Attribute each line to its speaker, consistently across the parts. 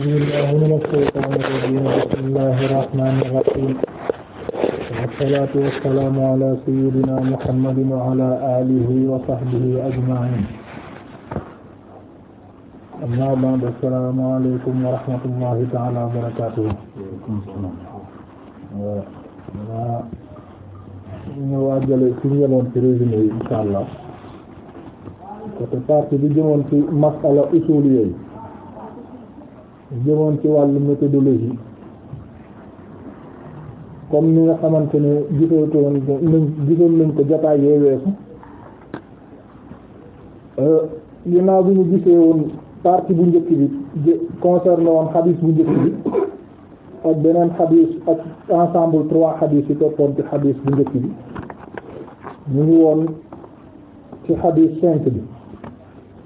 Speaker 1: أعوذ بالله من الشيطان الرجيم بسم الله الرحمن الرحيم والصلاة والسلام على سيدنا محمد وعلى آله وصحبه أجمعين أما بعد السلام عليكم ورحمة الله تعالى وبركاته waaw ñu waajale ci ñëwoon ci résumé yi inshallah côté partie bi jëmoon ci masala usul yooyu jëmoon ci wàllu méthodologie comme ni nga xamante ne gisatoon nañ gisoon nañ ko jotaay yee weesu euh, ginnaaw bi ñu gisee woon partie bu njëkk bi concerné woon xadis bu njëkk bi ak beneen xadis ak ensemble trois xadis yi toppoon ci xadis bu njëkk bi ñu ngi woon ci xadis cinq bi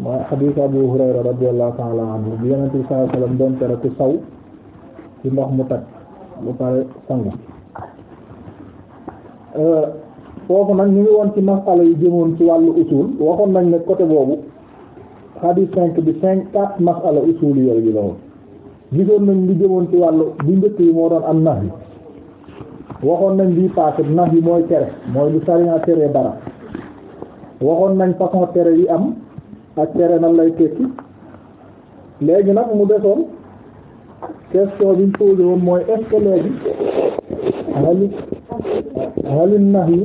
Speaker 1: mooy xadiis Abu Hurayra radiyallahu ta'ala anhu bi Yonent bi sallallahu alayhi wasallam doon tere ku mu tag lu pare sangu euh, foofu nag ñu ngi jëmoon ci wàllu usul waxoon nañ ne côté boobu xadiis cinq cinq quatre masala usul yooyu la woon nañ li jëmoon ci wàllu bu njëkk yi moo am nax nañ bii nax yi mooy tere mooy lu sariya tere dara waxoon nañ façon tere yi am ak tere na lay tekki léegi nag mu desoon question bi ñu mooy est-ce que léegi hali hali yi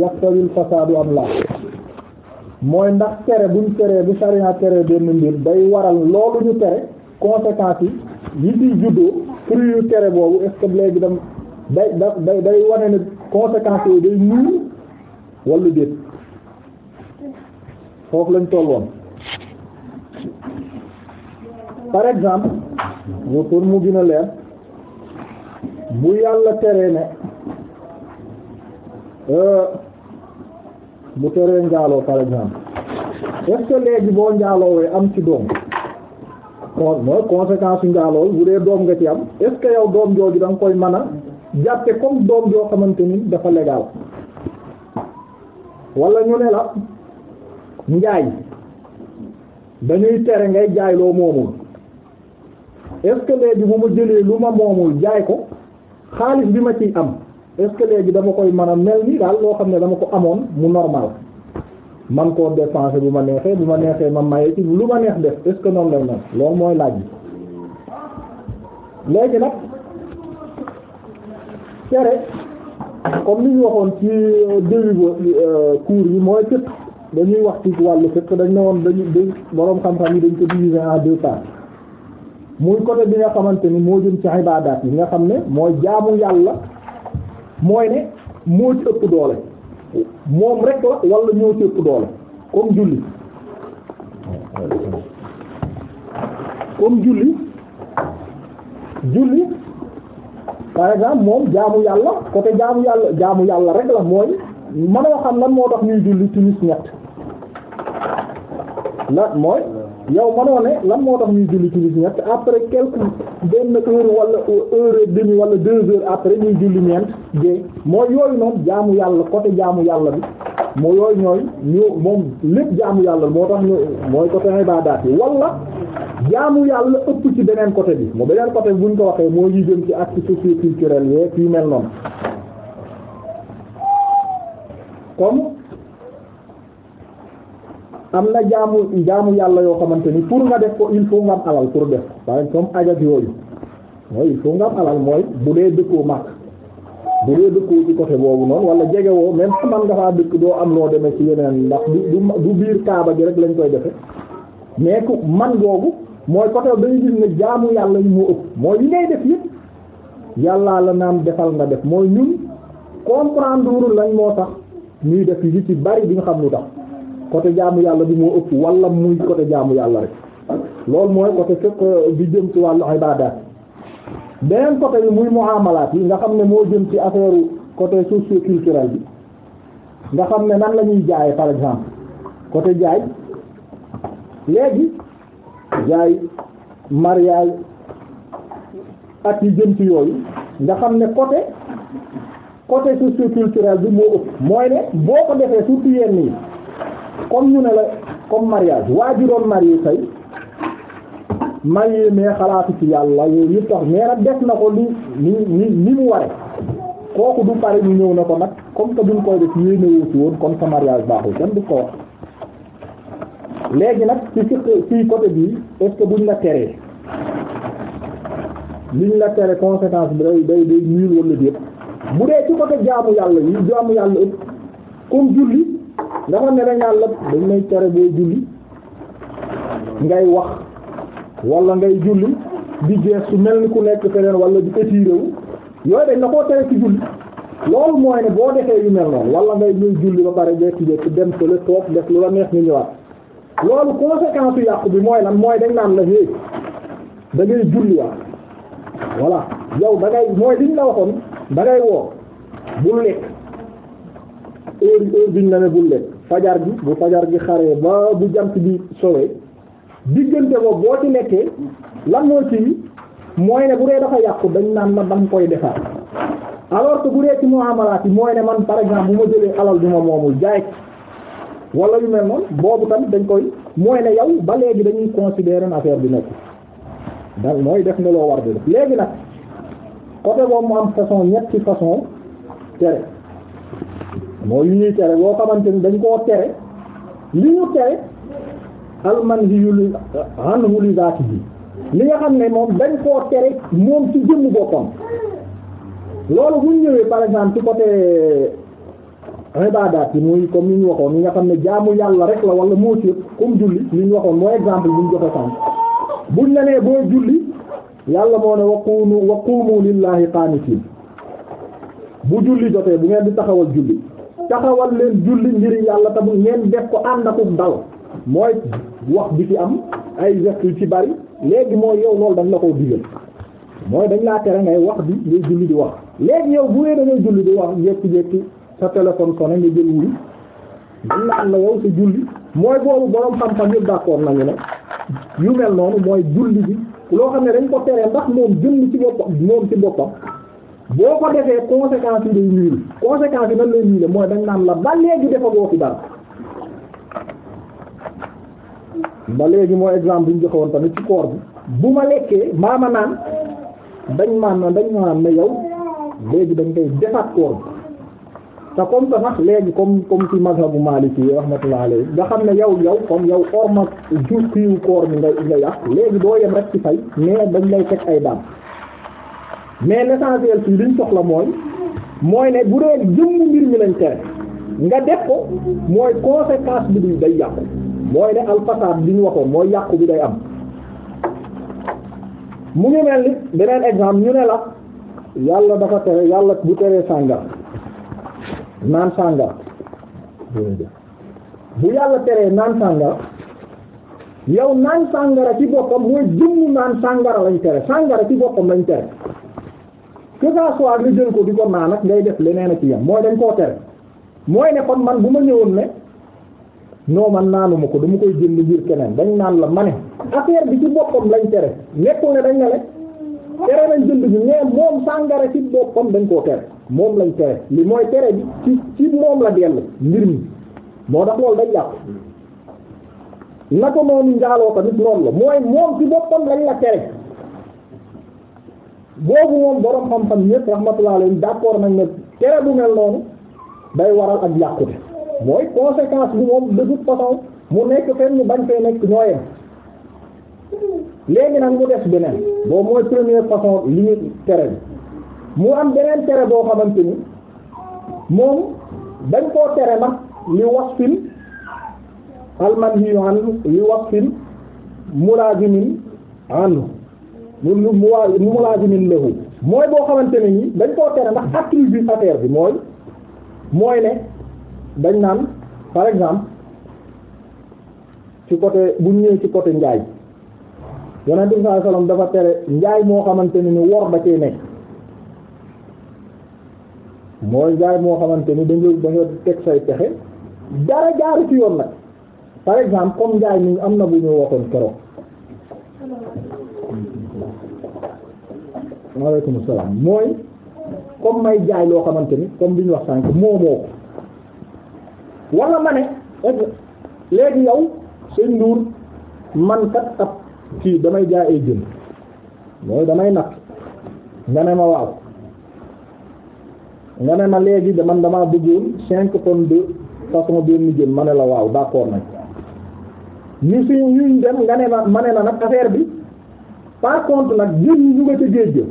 Speaker 1: yaqtawil fasaadu am la mooy ndax tere buñ teree bu sariya tere benn mbir day waral loolu ñu tere conséquences yi yi ciy juddoo fruit yu tere boobu est-ce léegi dam day da day wane ne conséquences yooyu day ñuul wala déet foofu lañ toll woon par exemple mu mu gën a leer bu yàlla teree ne bu euh, teree njaaloo par exemple est-ce léegi boo njaaloowee am ci doom kon mooy conséquence yu njaaloo bu dee doom nga ci am est-ce que yow doom jooju da koy mën a jàppe comme doom joo xamante ni dafa légal wala ñu ne la njaay dañuy tere ngay jaayloo loo moomul est-ce que ma jëlee lu ma moomul jaay ko xaalis bi ma ciy am est-ce dama koy mën a mel ni daal loo xam ne dama ko amoon mu normal man koo dépenser bu ma neexee bi ma neexee ma maye ci lu ma neex def est-ce que noonu mooy laaj bi léegi nag cere comme li ñu waxoon ci début euh, cours yi mooy cëpp dañuy wax ci wàllu fekk dañ ne woon dañu dañ boroom xam-xam yi dañ ko diviser en deux parts muy côté bi nga xamante ni moo jëm ci ibaadaat yi nga xam ne mooy jaamu yàlla mooy ne moo ci ëpp doole moom rek la wala ñoo ci ëpp doole comme julli comme julli julli par moom jaamu yàlla côté jaamu yàlla jaamu yàlla rek la mooy mënoo xam lan moo tax ñuy julli timis ñett lan mooy yow mënoo ne lan moo tax ñuy julli timis ñett après quelque benn heure wala heure et demie wala deux heures après ñuy julli ñeent de mooy yooyu noonu jaamu yàlla côté jaamu yàlla bi moo yooyu ñooy ñu moom lépp jaamu yàlla moo tax ñu mooy côté ibaadaat yi wala jaamu yàlla ëpp ci beneen côté bi mu beneen côté bi buñ ko waxee moo yi jëm ci acte socioculturel yee fii mel noonu comme am na jaamu jaamu yàlla yoo xamante ni pour nga def ko il faut nga am alal pour def ko par exemple yooyu mooy il faut nga am alal mooy bu dee dëkkoo mag bu dee dëkkoo ci côté boobu noonu wala jegewoo même si man nga faa dëkk doo am loo deme ci yeneen ndax du du biir kaaba ji rek lañ koy defe mais ku man googu mooy côté dañu gis ne jaamu yàlla ñu moo ëpp mooy yi ngay def yëpp yàllaa la naan defal nga def mooy ñun comprendre lañ moo tax ñuy def yi ci bari bi nga xam lu tax côté jaamu yàlla bi moo ëpp wala muy côté jaamu yàlla rek loolu mooy côté fekk euh, bi jëm ci wàllu ibaadaat beneen côté bi muy muamalaat yi nga xam ne moo jëm ci affaire côté socio-culturel bi nga xam ne nan la ñuy jaayee par exemple côté jaay léegi jaay mariage ak yi jëm ci yooyu nga xam ne côté côté socioculturel bi moo ëpp mooy ne boo ko defee surtout yenn yi comme ñu ne la comme mariage waa juróom marié say marié mais xalaatu ci yàlla yooyu yëpp tax mais def na ko li ni ni ni mu ware kooku du pare ñu ñëw na ko nag comme que duñ koy def yéene woo ci woon comme sa mariage baaxul kenn du ko wax léegi nag ci ci côté bi est-ce que buñ la tere liñ la tere conséquence bi day day day ñuul wala déet bu dee ci côté jaamu yàlla yi jaamu yàlla it comme julli dafa ne rek la dañ lay tere boo julli ngay wax wala ngay julli di gees su mel ni ku nekk feneen wala di étiré wu yooyu dañ la koo tere ci julli loolu mooy ne boo defee yu mel noonu walla ngay ñuy julli ba pare jekki jekki dem fële toog def lu la neex ñu ñëwaat loolu conséquence yu yàqu bi mooy lan mooy dañ naan la hé da ngay julliwaat voilà yow da ngay mooy liñ la waxoon dangay woo woor bul lekk heure heure biñ la ne bul lekk fajar gi bu fajar gi xaree ba bu jant bi sowee diggante ko boo ci lekkee lan moo ci mooy ne bu dee dafa yàqu dañ naan ma danga koy defar alors que bu dee ci muamalaat yi mooy ne man par exemple bu ma jëlee alal du ma moomul jaay wala yu mel noonu boobu tamit dañ koy mooy ne yow ba léegi dañuy considérer affaire bi nekk dal mooy def na loo war di def léegi nag côté moom mu am façon ñetti façon tere mooy yu ñuy tere boo xamante ni dañ koo tere li ñu tere almanhiyul anhu li zaati bi li nga xam ne moom dañ koo tere moom ci jëmm boppam loolu bu ñëwee par exemple ci côté euh, ibaadaat yi muy comme ni ñu waxoon yi nga xam ne jaamu yàlla rek la wala moo ci comme julli li ñu waxoon mooy exemple bu ñu joxe sànq buñ la nee boo julli yàlla moo ne waqumu waqumu lillahi qaanitiin bu julli jotee bu ngeen di taxawal julli taxawal leen julli ngir yàlla te bu ngeen def ko ànd akub dal mooy wax bi ci am ay geste yu ci bari léegi mooy yow loolu dañ la ko digal mooy dañ laa tere ngay wax bi ngay julli di wax léegi yow bu dee da ngay julli di wax jékki-jékki sa téléphone sonné nga jël wuy dañ naan la yow sa julli mooy boobu borom xam-xam yëpp d'accord nañu ne yu mel noonu mooy julli bi loo xam ne dañ ko teree ndax moom jëmm ci boppam moom ci boppam boo ko defee conséquences yi day niil conséquences yi nan lay niile mooy dañ naan la ba léegi dafa boo fi dara ba léegi mooy exemple bi ñu joxewoon tamit ci koor bi bu ma lekkee maam a naan dañ maan na dañ maan na yow léegi dañ koy defaat koor te comme que sax léegi comme comme ci mazhabu Maliki yi rahmatullah alayhi nga xam ne yow yow comme yow orma jur kiiwu koor mi nga nga léegi doo yem rek ci fay mais dañ lay teg ay daan mais l'essentiel fii liñ soxla mooy mooy ne bu dee jëmm mbir mi lañ tere nga def ko mooy conséquence bi du day yàqu mooy ne alfasaad bi ñu waxoon mooy yàqu bi day am mu ngi mel ni beneen exemple ñu ne la yàlla dafa tere yàlla bu teree sàngar naan sàngara bu yàlla teree naan sàngara yow naan sàngara ci boppam mooy jëmm naan sàngara lañ tere sàngara ci boppam lañ tere que ça soit nga jël ko di ko naan ak ngay def leneen ak ci yam mooy dañ koo tere mooy ne kon man bu ma ñëwoon ne non man naanuma ko dama koy jënd ngir keneen dañ naan la ma ne affaire bi ci boppam lañ tere nekkul ne dañ ne le tere nañ jënd bi mais moom sàngara ci boppam dañ koo tere moom lañ tere li mooy tere bi ci ci moom la dellu mbir mi moo tax loolu day yàqu na ko noonu njaaloo tamit noonu la mooy moom ci boppam lañ la tere boobu moom borom xam-xam ñépp rahmatullah alayhim d'accord nañ ne tere bu mel noonu day waral ak yàqute mooy conséquence bi moom de toute façon mu nekk fenn bañ fee nekk ñooyem léegi nag mu des beneen boobu mooy première façon li ñu tere bi mu am beneen tere boo xamante ni moom dañ koo tere na li wasfin almanhiyu anhu li wasfin mulaazimin anhu mu mu mu mulaazimin lahu mooy boo xamante ne ni dañ koo tere ndax attribut affaire bi mooy mooy ne dañ naan par exemple ci côté bu ñëwee ci côté njaay yonent bi sallallahu alayhi dafa tere njaay moo xamante ne ni wor da cee nekk mooy jaay moo xamante ni dañu dañoo teg say pexe dara jaaru yoon nag par exemple comme jaay ñu am na bu ñu waxoon keroog. waaleykum mooy comme may jaay loo xamante ni comme bi ñu wax sànk moomoo ko wala ma ne léegi yow seen nduur man kat ab kii damay jaay ay jën mooy damay natt nga ne ma waaw. nga ne ma léegi de man damaa bëggoon cinq tonnes de façon benn jën ma la waaw d'accord nag ni suñ yuñ nag affaire bi par contre nag jën yi ñu nga ca géej ga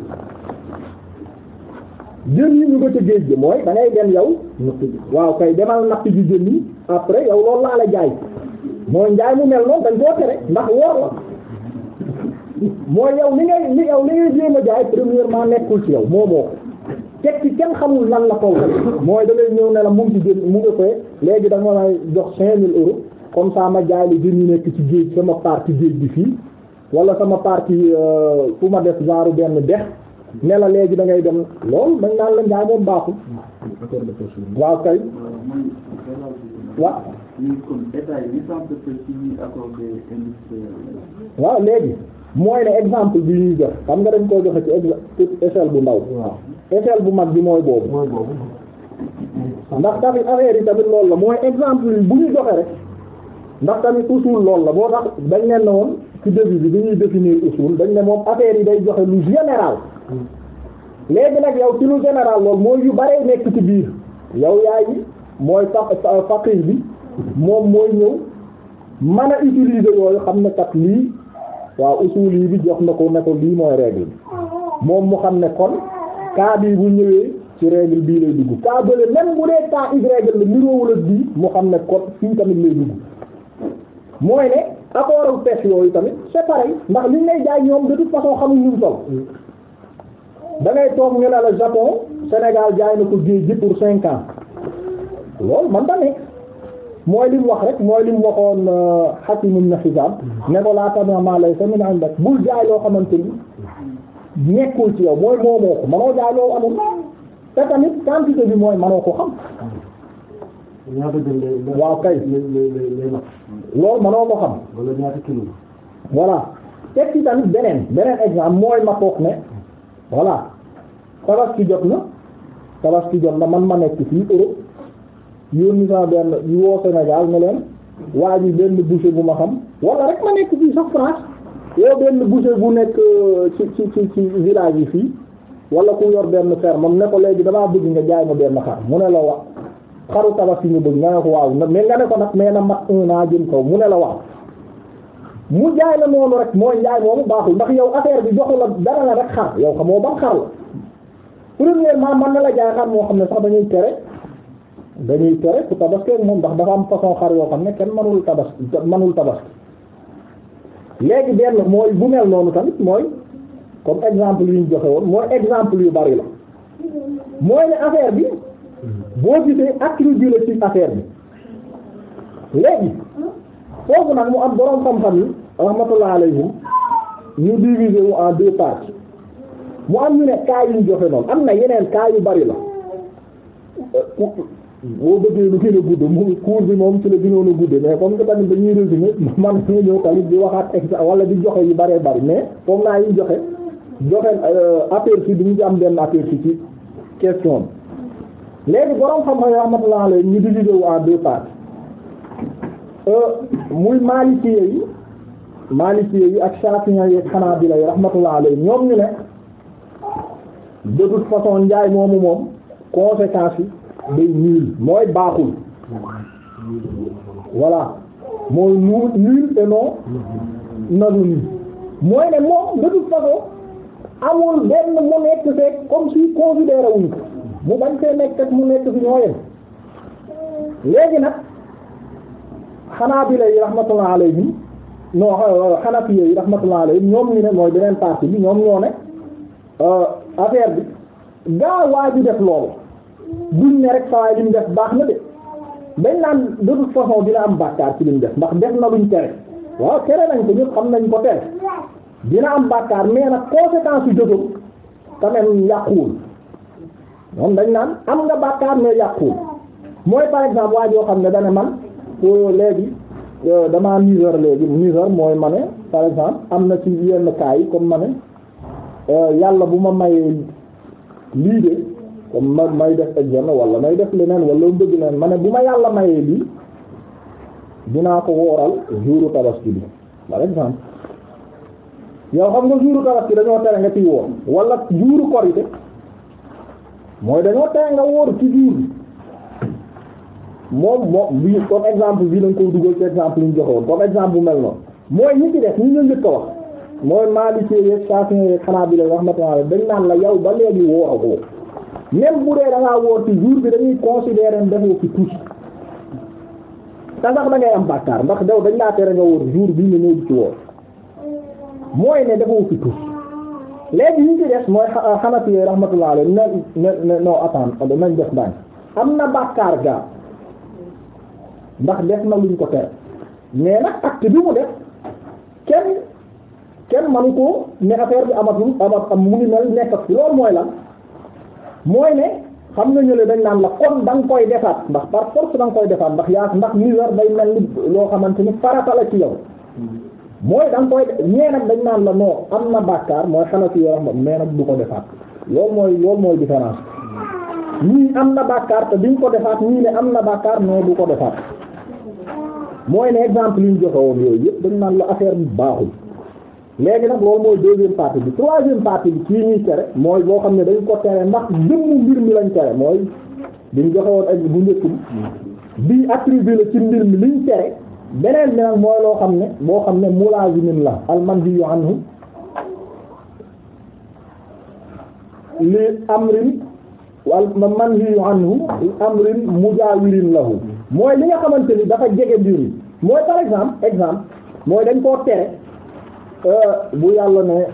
Speaker 1: jën yi ñu nga ca géej ga mooy dangay ngay dem yow waaw kay demal napp ji jën yi après yow loolu laa la jaay mooy njaay mu mel noonu dañ koo tere ndax woor la mooy yow li ngay li yow li ngay jéem a jaay premièrement nekkul ci yow moo moo teg ci kenn xamul lan la kaw mooy da lay ñëw ne la mu ngi mu ngi koy léegi da nga ma jox cinq mille comme ça ma jaay li jën yi nekk ci géej sama partie géej gi fii wala sama partie euh, fu ma def genre benn dex ne la léegi da ngay dem loolu dañ naan la njaay moom baaxul. waaw kay. waaw. léegi. mooy ne exemple bi ñuy jox xam nga dañ koy joxe ci échelle bu ndaw échelle bu mag bi mooy boobu ndax tamit affaire yi tamit loolu la mooy exemple bu ñu joxe rek ndax tamit usul loolu la boo tax dañ leen ne woon ci début bi bi ñuy définir usul dañ ne moom affaire yi day joxe lu général léegi nag yow ci lu général loolu mooy yu bare nekk ci biir yow yaay yi mooy faqih bi moom mooy ñëw mën a utiliser yooyu xam ne kat lii waaw usuli bi jox na ko ne ko lii mooy règle bi moom mu xam ne kon cas bi bu ñëwee ci règle bii lay dugg cas bële même bu dee cas y règle la niroowul ak bii mu xam ne fi mu tamit lay dugg mooy ne accord pes yooyu tamit c'est pareil ndax liñ lay jaay ñoom de façon xamuñ ñu sol da ngay toog ñu ne la Japon Sénégal jaay na ko géej gi pour cinq ans loolu man da mooy lim wax rek mooy lim waxoon euh, Hakim ibn Hizam ne ko laa tabi maa laysa min indak bul jaay loo xamante ni nekkul ci yow mooy moomoo ko manoo jaay loo amul te tamit quantité bi mooy manoo ko xam waaw ko xam voilà teg ci tamit beneen beneen exemple mooy ma toog ne voilà tabaski jot na tabaski jot na man ma nekk fii Europe yónni saa benn yi woo Sénégal ne leen waa ji benn boucher bu ma xam wala rek ma nekk fii sax France yow benn boucher bu nekk euh, ci ci ci ci village yi fii wala ku yor benn ferme ne ko léegi damaa bëgg nga jaay ma benn xar mu ne la wax xaru tabaski ñu bëgg nga ne ko nga ne ko nag mais na mat naa an jëm kaw mu ne la waaw mu jaay la noonu rek mooy jaay moomu baaxul ndax yow affaire bi joxu la dara la rek xar yow xamoo ban xar la premièrement man na la jaay xar moo xam ne sax dañuy tere. dañuy tere ku tabaskee moom ndax dafa am façon xar yoo xam ne kenn manul tabas manul tabaski léegi benn mooy bu mel noonu tamit mooy comme exemple yu ñu joxe woon mooy exemple yu bari la mooy ne affaire bi boo gisee attribué la ci affaire bi léegi foofu nag mu am boroom xam-xam yi rahmatullah alayhim ñu divisé wu en deux parties mu am ñu ne kaa yu ñu joxe noonu am na yeneen kaa yu bari la boo bëggee lu gën a gudd moom bi moom ci la gënoon a gudd mais comme que tamit dañuy résumé man nga ñëw tamit di waxaat exa wala di joxe yu bëree bëri mais comme naa yi joxe joxe euh, aperçu bi ñu ci am benn aperçu ci question bi léegi borom xam-xam yi rahmatullah ñu divisé wu en deux euh, muy Maliki yi Maliki yi ak Shafi'i yi Hanabila yi rahmatullah alayhi ñoom ñu ne de toute façon njaay moomu moom conséquence yi. day nul mooy baaxul voilà mooy nul nul te non nanu mooy ne moom de toute amul benn mu nekk fekk comme si considéré wuñ ko mu bañ fee nekk ak mu nekk fi ñoo yem léegi nag xanaa bi lay rahmatullah alayhim non xanafiye euh, yi rahmatullah alayhim ñoom ñu ne mooy beneen partie bi ñoom ñoo ne euh, affaire bi gaa waaju def loolu duñ ne rek sawaay li def baax na de dañ naan de toute façon dina am bàkkaar ci lim mu def ndax def na luñ tere waaw tere nañ ko ñëpp xam nañ ko tere dina am bàkkaar mais nag conséquence yu jógam quand même yàquwul moom dañ naan am nga bàkkaar mais yàquwul mooy par exemple waa joo xam ne dana man oh, léegi euh, damaa misère léegi misère mooy ma ne par exemple am na ci yenn cas yi comme ma ne euh, yàlla bu ma may lii de comme ma may def examen walla may def leneen wala bëgg leneen ma ne bu ma yàlla mayee lii dinaa ko wooral jouru tabaski bi par exemple yow xam nga jouru tabaski dañoo tere nga ciy woor wala jouru korite mooy dañoo tere nga woor ci jour moom moom bii comme exemple bii dañ koy dugal ci exemple ñu joxe woon comme exemple bu mel noonu mooy ñi ci def ñu ñu njëkk a wax mooy Maalikee yeeg Shaafi'i yeeg Hanaabila rahmatullah dañ naan la yow ba léegi wooragoo. même bu dee da ngaa woor ci jour bi dañuy considérer defoo ci tuuti te ndax da ngay am bàkkaar ndax daw dañ laa tere nga woor jour bi nga ñëw ci woor mooy ne defoo ci tuuti léegi ñu def des mooy xanafi ah, yi rahmatullah alayhi na na non attendre euh, nañ def daan am na bàkkaar gaa ndax def na luñ ko tere mais nag acte bi mu def kenn kenn manu ko ne affaire bi amatul amat am mu ngi mel nekk ak loolu mooy lan. mooy ne xam nga ñële dañ naan la kon da koy defaat ndax par force da nga koy defaat ndax yaa ndax misère day mel ni loo xamante ni farata la ci yow mooy da nga koy ñee nag dañ naan la noo am na bàkkaar mooy xanafi yoo xam mais nag du ko defaat loolu mooy loolu mooy différence ñii am na bàkkaar te ko defaat ne am na bàkkaar mais du ko defaat mooy ne exemple yi ñu joxe yooyu yëpp dañ naan la affaire bi baaxul léegi nag loolu mooy deuxième partie bi troisième partie bi kii ñuy tere mooy boo xam ne dañ ko tere ndax jëmm mbir mi lañ tere mooy diñ joxe woon ak bu njëkk bi attribué la ci mbir mi liñ tere beneen bi nag mooy loo xam ne boo xam ne mulaazimin la almanhiyu anhu li amrin wal manhiyu anhu li amrin mujaawirin lahu mooy li nga xamante ni dafa jege mbir mi mooy par exemple exemple mooy dañ koo tere Euh, bu yàlla ne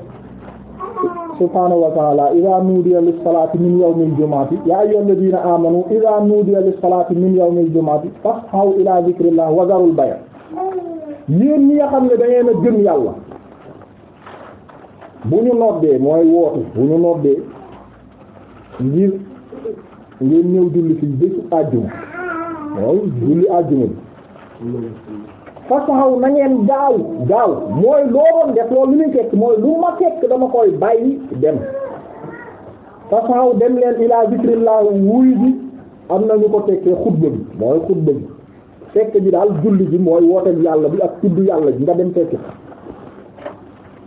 Speaker 1: subhaanahu wa ta'ala idha nudiya lis salati min yawmil jumu'ati ya ayyuhalladhina amanu idha nudiya lis salati min yawmil jumu'ati fas'aw ila dhikrillah wa dharul bay' yéen ñi nga xam ne da ngeen yàlla bu ñu noddee mooy wootu bu ñu noddee ngir ngeen ñëw julli fi bésu àjjuma waaw julli àjjuma bi fa taxaw na ngeen gaaw gaaw mooy loo doon def loolu li muy tekk mooy lu ma tekk dama koy bàyyi dem fa taxaw dem leen ilaa laa wuy bi am na ñu ko tekkee xutba bi mooy xutba bi fekk ji daal julli ji mooy woote bi yàlla bi ak tudd yàlla ji nga dem tekki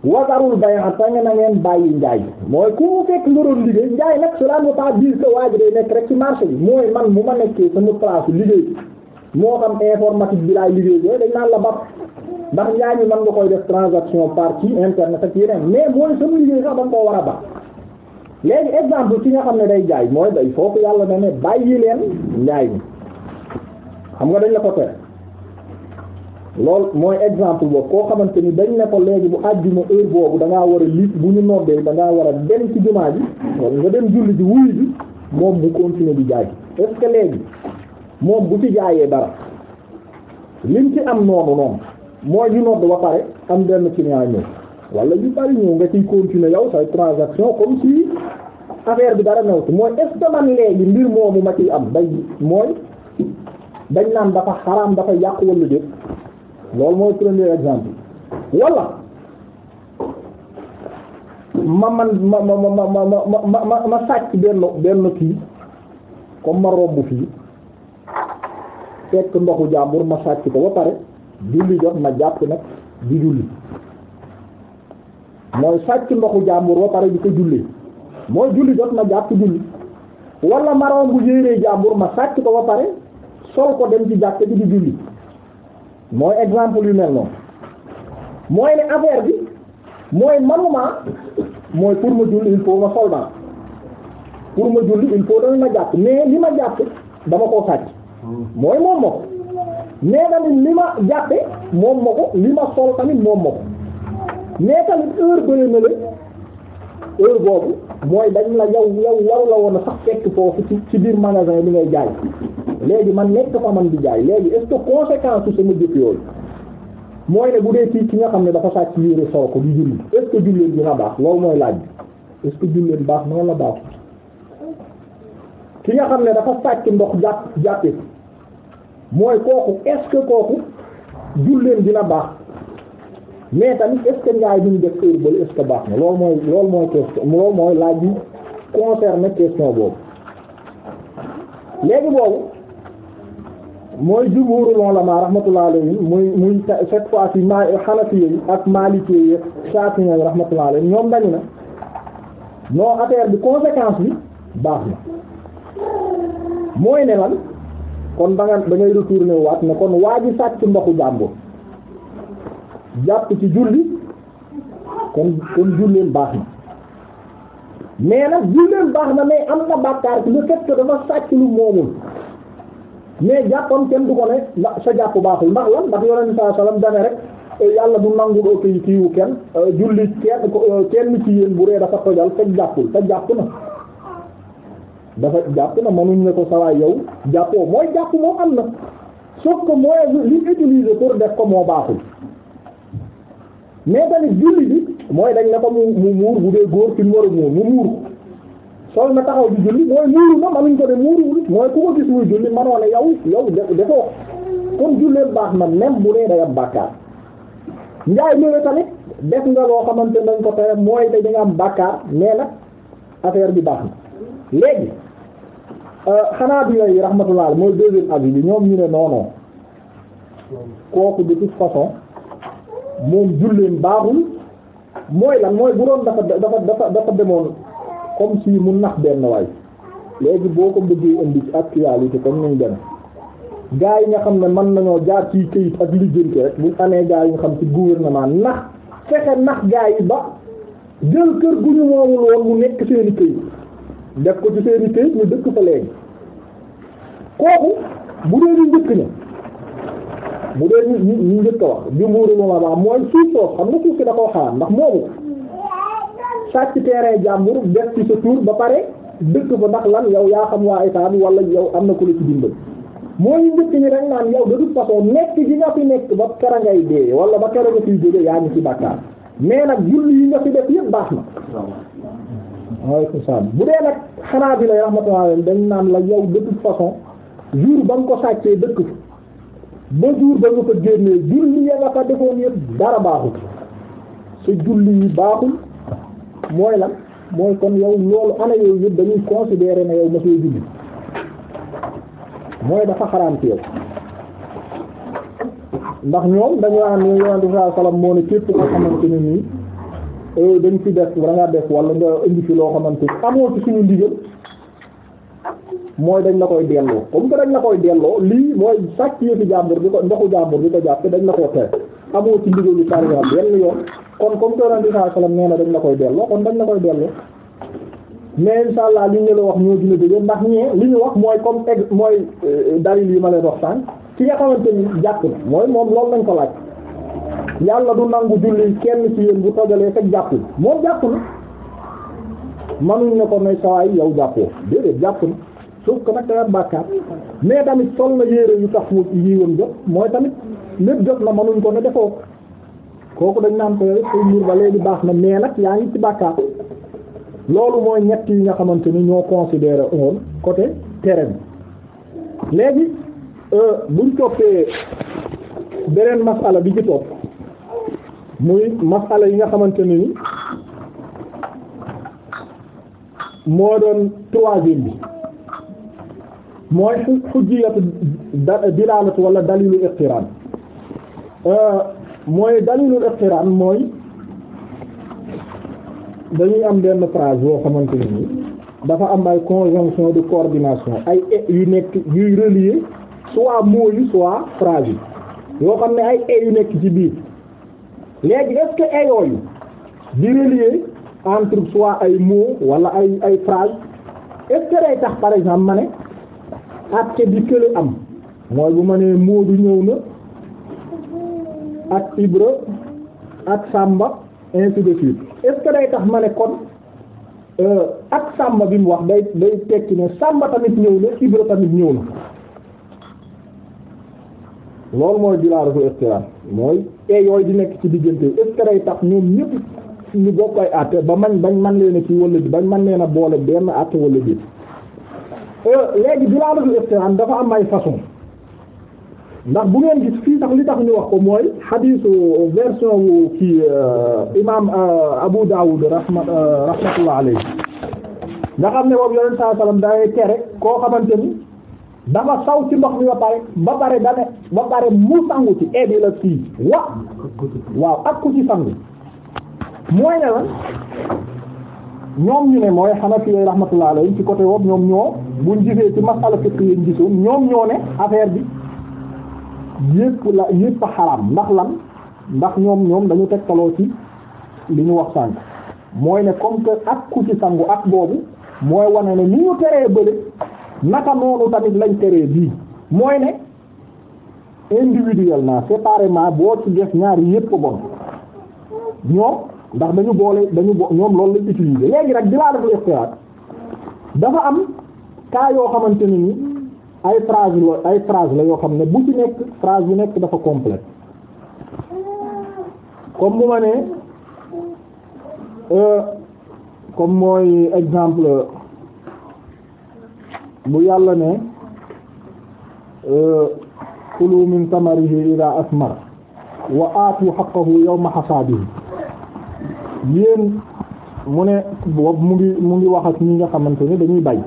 Speaker 1: wagarul bay'a ta nga na ngeen bàyyi njaay mooy ku mu fekk nga doon liggéey njaay nag cela ne veut pas dire que waa ji day nekk rek ci marché bi mooy man mu ma nekkee sama place liggéey moo xam informatique bi laay liggéey yooyu dañ naan la bap ndax ngaa ñi mën nga koy def transaction par ci internet ak yeneen mais mooy sama liggéey sax nga koo war a ba léegi exemple ci nga xam ne day jaay mooy day foofu yàlla na ne bàyyi leen njaay mi xam nga dañ la ko tere loolu mooy exemple boobu koo xamante ni dañ ne ko léegi bu àjjuma heure boobu da war a li bu ñu noddee da ngaa war a dem ci jumaa ji wala nga dem julli ji wuyu ji moom mu continuer di jaay est moom bu ci jaayee dara lim ci am noonu noonu mooy ñu nodd ba pare am benn client ñëw wala ñu bari ñëw nga ciy continuer yow say transaction comme si affaire bi dara new ci mooy est léegi mbir moomu ma ciy am day mooy dañ naan dafa xaraam dafa yàq wala déet loolu mooy premier exemple wala ma man ma ma ma ma ma ma ma sàcc benn benn kii comme ma romb fii fekk ndoxu jàmbur ma sàcc ko ba pare julli jot ma jàpp nag di julli mooy sàcc ndoxu jàmbur ba pare di ko julli mooy julli jot ma jàpp julli wala maroom bu yéree jàmbur ma sàcc ko ba pare sol ko dem ci jàkk bi di julli mooy exemple yu mel noonu mooy ne affaire bi mooy manuma mooy pour ma julli il faut ma soldat pour ma julli il faut dana ma jàpp mais li ma jàpp dama koo sàcc mooy moom ma ko mais li ma jàppe moom ma ko li ma sol tamit moom ma ko mais tamit heure bële heure boobu mooy dañ la yow yow waru la woon a sax fekk foofu ci ci biir magasin bi ngay jaay léegi man nekk fa man di jaay léegi est-ce que conséquence su sama jëf yooyu mooy ne bu dee kii ki nga xam ne dafa sàcc yére sol ko di julli est-ce que julleen dina baax loolu mooy laaj bi est-ce julleen baax noonu la baax ki nga xam ne dafa sàcc ndox jàpp jàppe mooy kooku est-ce kooku julleem dina baax mais tamit est ngaay bi ñu def heure bale baax na loolu mooy loolu mooy laaj bi concerne question boobu léegi boobu mooy jumhuurul ulamaa rahmatullahi alayhim muy muy cette fois ci ma Hanafi yi ak Maliki yi Shafi'i yi rahmatullahi alayhim ñoom dañu na non affaire bi conséquence bi baax na mooy ne lan kon da nga da ngay retourné waat ne kon waa ji sàcc mbaxu jàmbur
Speaker 2: jàpp ci julli kon
Speaker 1: kon julleen baax na mais nag julleen baax na mais am na bàkkaar ci le fait que dafa sàcc lu moomul mais jàppam kenn du ko ne sa jàpp baaxul ndax lan ndax yonent saa la dane rek eh, yàlla du nangul oto kiiwu kenn eh, julli kenn eh, kenn ci yéen bu ree dafa tojal sa jàppul sa jàpp na dafa jàpp na mënuñ ne ko sawaay yow jàppoo mooy jàpp moo am na soo que mooy li utiliser pour def ko moo baaxul mais tamit julli bi mooy dañ ne ko mu mu muur bu dee góor fi mu muur mu muur sol na taxaw di julli mooy muuru na mënuñ ko de muuruwul mooy ku ko gis muy julli manoo ne yow yow defoo kon julleen baax na même bu dee day am bàkkaar njaay loolu tamit def nga loo xamante nañ ko tere mooy dañu am bàkkaar mais nag affaire bi baax na léegi xanaa bi lay rahmatullah mooy deuxième avis bi ñoom ñu ne noonoo kooku de toute façon moom julleen baaxul mooy lan mooy bu doon dafa dafa dafa demoon comme si mu nax benn waay léegi boo ko bëggee indi ci actualité comme ni ñu dem gaa yi nga xam ne mën nañoo jaar ci këyit ak lijjanti rek bu amee gaa yi nga xam ci gouvernement nax fexe nax gaa yi ba jël kër gu ñu moomul woon mu nekk seeni këyit def ko ci seeni kayit ñu dëkk fa léegi kooku bu dee ñu njëkk ña bu dee ñu ñu njëkk a wax jumbuuru moom am mooy suuf soo xam na suuf si da koo xalaat ndax moomu sàcc terrain jàmbur def ci sa tur ba pare dëkk fa ndax lan yow yaa xam waa état bi wala yow am na ko la ci dimbal mooy njëkk ñi rek naan yow de toute façon nekk gi nga fi nekk ba kera ngay dee wala ba kera nga fiy jóge yaa ngi ci bàkkaar mais nag julli yi nga fi def yëpp baax na
Speaker 2: waaleykum salaam bu
Speaker 1: dee nag xanaa bi lay rahmatullahi dañ naan la yow de toute façon jour ba nga ko sàccee dëkk fa ba jour ba nga ko génnee julli ya nga fa defoon yëpp dara baaxul sa julli yi baaxul mooy lan mooy kon yow loolu ana yooyu yëpp dañuy considérer ne yow mosoo julli mooy dafa xaraam ndax ñoom dañu naan ne yonent bi sallallahu alayhi wasallam moo ne képp koo xamante ne nii. dañ ci def da nga def wala nga indi fi loo xamante ni amoo ci suñu ndigal mooy dañ koy delloo comme que dañ la koy delloo lii mooy sàcc yëfi jàmbur di ko ndoxu jàmbur di ko jàpp te dañ la koy teel amoo ci ndigalu par exemple kon comme que Yonent bi sallallahu alayhi wasallam na dañ la koy delloo kon dañ la koy delloo mais insha Allah li ñu la wax ñoo dina dëgg ndax ñee li ñu wax mooy kom mooy euh, dalil yi ma leen wax sànq ci nga xamante ni jàpp na mooy moom loolu lañ ko laaj. yàlla du nangu julli kenn ci yéen bu tojalee fekk jàppul moom jàpp na manuñ ne ko nay sawaay yow jàppoo déedéet jàpp na sauf que nag daan bàkkaar mais tamit sol na yére yu tax yi woon jot mooy tamit lépp jot na manuñ ko ne defoo kooku dañ naan ko yow say mbir ba léegi baax na mais nag yaa ngi ci bàkkaar loolu mooy ñett yi nga xamante ni ñoo considéré woon côté tere bi léegi euh, buñ toppee beneen masala bi ci topp muy masala yi nga xamante ni moo doon troisième bi mooy xujjiyatu dilalatu wala dalilu iqtiraan euh, mooy dalilu iqtiraan mooy dañuy am benn phrase boo xamante ne dafa am ay conjonction de coordination ay e yu nekk yuy relier soit mots yi soit phrase yi yoo xam ne ay e yu nekk ci biir léegi est-ce que ayooyu di entre soit ay mots wala ay ay phrase est day tax par exemple ma ne acte bi kële am mooy bu ma nee moo bi ñëw na ak Ibra ak Samba ainsi de suite est day tax ma ne kon euh, ak Samba bi mu wax day day tekki ne Samba tamit ñëw na Ibra tamit ñëw na loolu mooy dilaa rasul istilaan mooy e yooyu di nekk ci diggante est-ce que day tax ñoom ñëpp ñu bokk ay àtte ba man bañ man leen a ci wala bañ man leen a boole benn àtte wala bi euh, léegi bilaadatul iqtiraan dafa am ay façon ndax bu ngeen gis fii sax li tax ñu wax ko mooy xadiisu version wu kii euh, imaam euh, Abu Dawud rahma rahmatullah nga xam ne boobu yoneen saa sallam day tere koo xamante ni dafa saw ci ndox mi ba pare ba pare da ba pare mu sangu ci ebi la fii waaw ak ku ci sangu mooy ne la ñoom ñu ne mooy Hanafi yi rahmatullah alayhi ci côté woowu ñoom ñoo buñ gisee ci masala fiqh yi gisoon ñoom ñoo ne affaire bi yépp la yépp a xaraam ndax lan ndax ñoom ñoom dañu tegtaloo ci li ñu wax sànk mooy ne comme que ak ku ci sangu ak boobu mooy wane ne ni ñu teree bële naka noonu tamit lañ teree bii mooy ne individuellement séparément boo ci def ñaar yépp bon ñoom ndax dañu boole dañu bo ñoom loolu lañ utiliser léegi nag di laa def ixtiyaar dafa am cas yoo xamante ne ni ay phrase la ay phrase la yoo xam ne bu ci nekk phrase bu nekk dafa complète comme bu ma ne euh, comme mooy exemple bu yàlla ne euh, kulu min tamarihi ila asmar wa aatu haqqahu yawma hasaadihi yéen mu ne boobu mu ngi mu ngi wax ak ñi nga xamante ni dañuy bay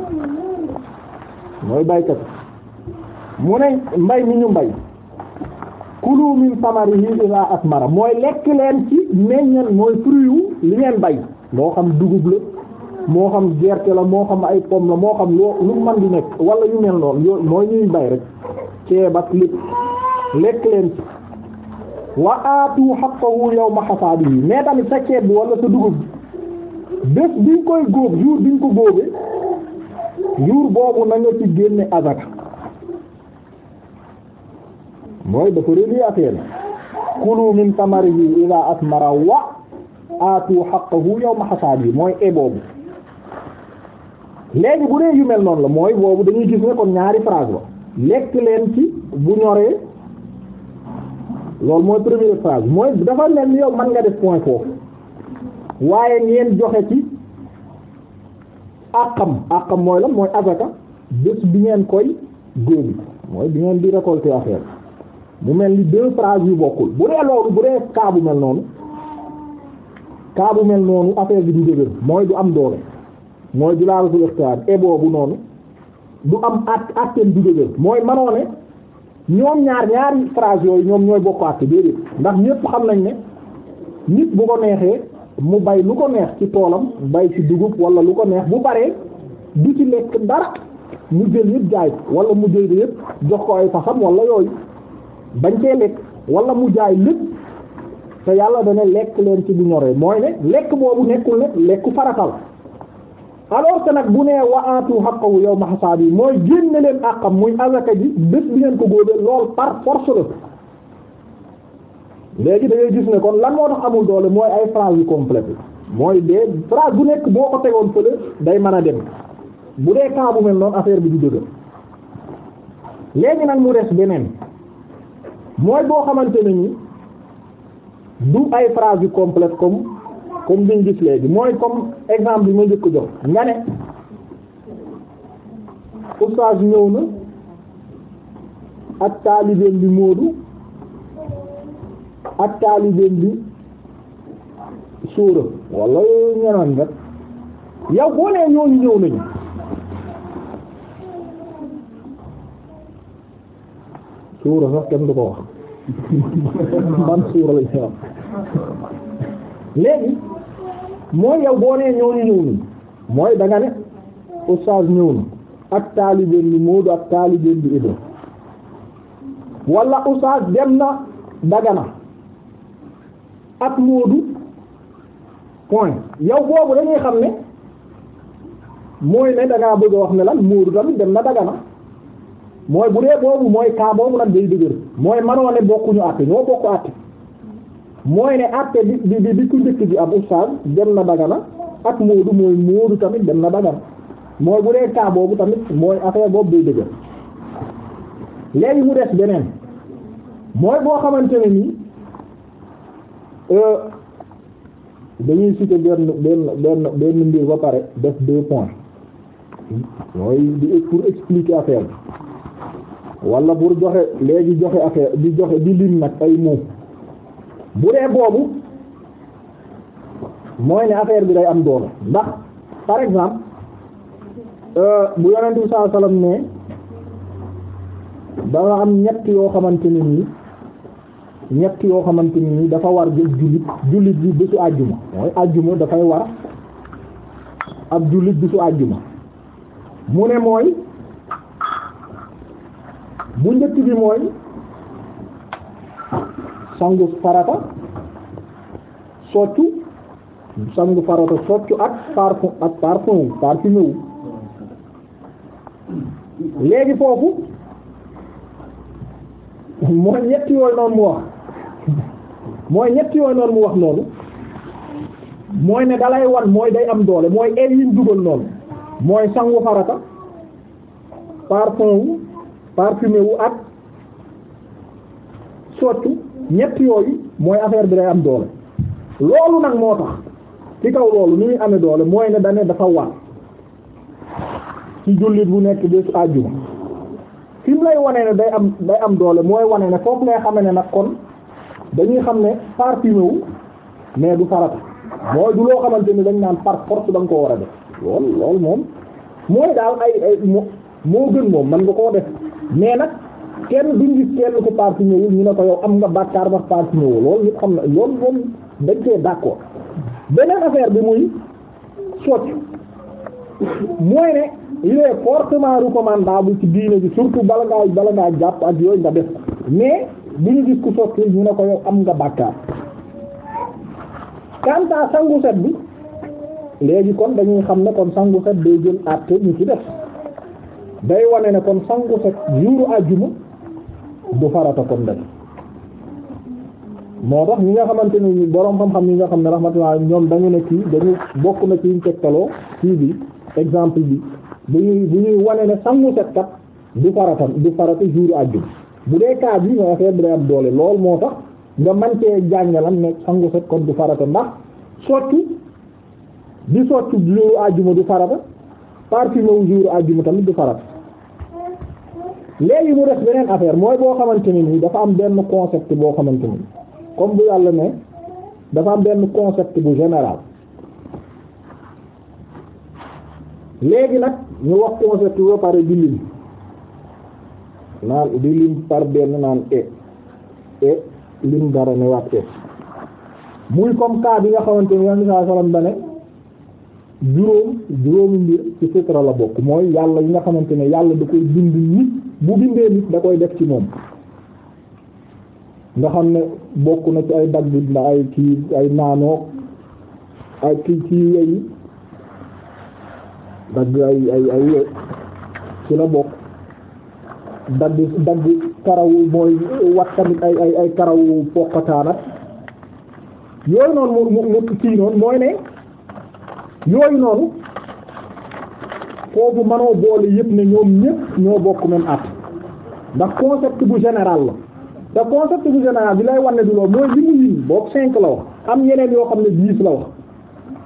Speaker 1: mooy baykat mu ne mbay mi ñu mbay kulu min tamarihi ila asmara mooy lekk leen ci meññan mooy fruit li ngeen bay moo xam dugub la moo xam gerte la moo xam ay pomme la moo xam loo lu man di nekk wala yu mel noonu yooyu mooy ñuy bay rek ceeb ak lépp lekk leen wa aatu haqqahu yawma hasaadihi mais tamit sa ceeb bi wala sa dugub bés bi ko góobee jour boobu ci génne azaka mooy dafa relier affaire kulu min samarihi idaa asmara léegi bu dee yu mel noonu la mooy boobu dañuy gis ne kon ñaari phrase la lekk leen ci bu ñoree loolu mooy première phrase mooy dafa mel ni yow mën nga def point foofu waaye ngeen joxe ci àqam àqam mooy la mooy azaka bés bi ngeen koy góobi mooy bi ngeen di récolter affaire mu mel ni deux phrases yu bokkul bu dee loolu bu dee cas mel noonu cas bu mel noonu affaire bi du dëgër mooy du am doole. mooy dilaalatul ixtiyaar e boobu noonu du am at atteen du dëgër mooy manoo ne ñoom ñaar ñaari phrase yooyu ñoom ñooy bokk àtte déedéet ndax ñépp xam nañ ne nit bu ko neexee mu bay lu ko neex ci toolam bay ci dugub wala lu ko neex bu baree du ci lekk dara mu jël yëpp jaay wala mu jël yëpp jox ko ay faxam wala yooyu bañ cee lekk wala mu jaay lépp te yàlla dana lekk leen ci bu ñoree mooy ne lekk boobu nekkul ne lekku faratal alors que nag bu nee wa aatu haqqahu yawma yi mooy génne leen àqam muy azaka ji bés bi ngeen ko góobee lool par force la léegi da gis ne kon lan moo tax amul doole mooy ay phrase yu complète mooy dee phrase bu nekk boo ko tegoon fële day mën a dem bu dee cas mel noonu affaire bi du dëgg léegi nag mu des beneen mooy boo xamante ne ni du ay phrase yu complète comme. comme biñ gis léegi mooy comme exemple bi ma njëkk jox nga ne oustaz ñëw na ak taalibeem bi Moodu ak taalibeem bi suura wala ñeneen rek yow boo nee ñooñu ñëw nañu suura sax kenn du ko wax ban suura lañu wax léegi mooy yow boo nee ñooñu ñëwuñu mooy danga ne oustaz ñëw na ak taalibeen bi Moodu ak taalibeen bi Ibra wala oustaz dem na Dagana ak Moodu point yow boobu dañuy xam ne mooy ne da bëgg wax ne lan Moodu tamit dem na Dagana mooy bu dee boobu mooy kaa boobu nag day dëgër mooy manoo ne bokkuñu àtte ñoo bokku àtte mooy ne atte bi bi bi ku njëkk bi ab ustaas dem na dagana ak moodu mooy moodu tamit dem na dagana mooy bu dee taaboo boobu tamit mooy affaire boobu day dëgër léegi mu des beneen mooy boo xamante ne nii euh, dañuy citer benn benn benn benn ba pare def deux points mooy di pour expliquer affaire bi wala pour joxe léegi joxe affaire di joxe di lim nag ay mots bu dee boobu mooy ne affaire bi day am doole ndax par exemple euh, bu yonent saa salaam ne dafa am ñett yoo xamante ni nii ñett yoo xamante ni nii dafa war jullit jullit bi bésu àjjuma mooy àjjuma dafay war ab jullit bésu àjjuma mu ne mooy bu njëkk bi mooy sangu farata soccu sangu farata soccu ak parfum ak parfum léegi foofu mooy ñett yooyu noonu mu wax mooy ñett yooyu noonu mu wax noonu mooy ne dalay wan mooy day am doole mooy eey yiñ dugal noonu mooy sangu farata parfum wu ak soccu ñett yooyu mooy affaire bi day am doole loolu nag moo tax ci kaw loolu ni muy amee doole mooy ne dane dafa war ci jullit bu nekk bésu àjjuma fi mu lay wane ne day am day am doole mooy wanee ne foofu ngay xame ne nag kon dañuy xam ne parfumé mais du farata mooy du loo xamante ni dañ naan par force da nga war a def lool lool moom mooy daal ay ay moo gën moom man nga koo def mais nag kenn duñ gis kenn ku parfumé ñu ne ko yow am nga bàkkaar ba parfumé loolu ñëpp xam na yoon moom dañ cee d'accord beneen affaire bi muy soccu mooy ne il est fortement recommandable ci diine bi surtout bala ngaa bala ngaa jàpp ak yooyu nga def mais duñu gis ku soccu ñu ne ko yow am nga bàkkaar quant à sangu set bi léegi kon dañuy xam ne kon sangu set day jël àtte ñu ci def day wane ne kon sangu set jouru àjjuma du farata kon dem moo tax ñi nga xamante ni boroom xam-xam ñi nga xam ne rahmatullah ñoom dañu ne kii dañu bokk na ci ñu tegtaloo kii bi exemple bi bu ñuy bu ñuy wane ne sangu set kat du farata du farata jour àjjuma bu dee cas bi nga affaire bi day am doole lool moo tax nga mën cee jàngalam ne sangu set kon du farata ndax sotti di sotti jour àjjuma du farata parfumé wu jour àjjuma tamit du farata léegi mu def beneen affaire mooy boo xamante ne nii dafa am benn concept boo xamante ni comme bu yàlla ne dafa am benn concept bu général léegi nag ñu wax concept ba pare di lim naan di lim par benn naan e e lim dara ne waat e muy comme cas bi nga xamante ni yàlla saa salaam da ne juróom juróomi mbir ci fitra la bokk mooy yàlla yi nga xamante ne yàlla da koy bu bindee nit da koy def ci moom nga xam ne bokk na ci ay dagg la ay kii ay naanoo ay kii ci weyi dagg ay ay ay we ci la bokk dagg dagg karawu mooy wat tamit ay ay karawu poqataanat yooyu noonu mu mu kii noonu mooy ne yooyu noonu foofu mënoo boole yëpp ne ñoom ñëpp ñoo bokk même at ndax concept bu général la te concept bu général bi lay wan ne du loolu mooy li mu lim boobu cinq la wax am yeneen yoo xam ne dix la wax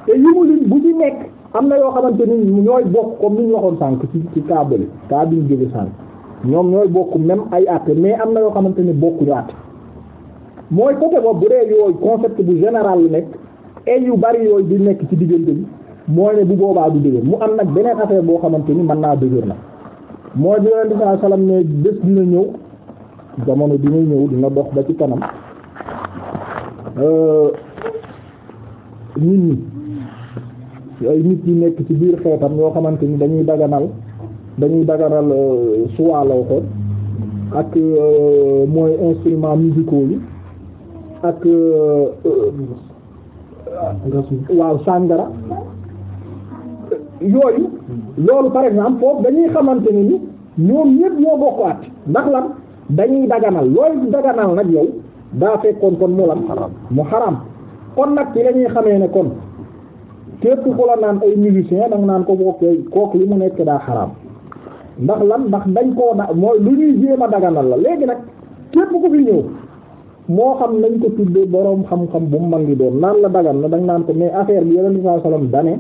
Speaker 1: te yi bu ci nekk am na yoo xamante ni ñooy bokk comme ni ñu waxoon sànq ci ci kaa bële kaa bi ñu jóge sànq ñoom ñooy bokk même ay at mais am na yoo xamante ni bokkuñu at mooy côté boobu bu dee yooyu concept bu général la nekk ay yu bari yooyu di nekk ci diggante bi. mooy ne bu boobaa du dëgër mu am nag beneen affaire boo xamante ni mën naa dëgër nag mooy bi Yonent bi ne bés dina ñëw jamono dina ñëw dina dox ba ci kanam euh, nit ñi ay nit yi nekk ci biir xeetam yoo xamante ni dañuy daganal dañuy daganal euh, suwaalaw ko ak euh, mooy instruments musicaux yi ak waaw sàngara yooyu loolu par exemple foofu dañuy xamante ne ni ñoom ñëpp ñoo bokk at ndax lan dañuy daganal looy daganal nag yow daa fekkoon kon mu lan mu xaram kon nag ci lañuy xamee ne kon képp ku la naan ay musicien danga naan ko bokkee kook li mu nekk daa xaram ndax lan ndax dañ koo da mooy lu ñuy jéem a daganal la léegi nag képp ku fi ñëw moo xam nañ ko tuddee boroom xam-xam bu mu man di doon naan la dagan na danga naan ko mais affaire bi yeneen sallam dane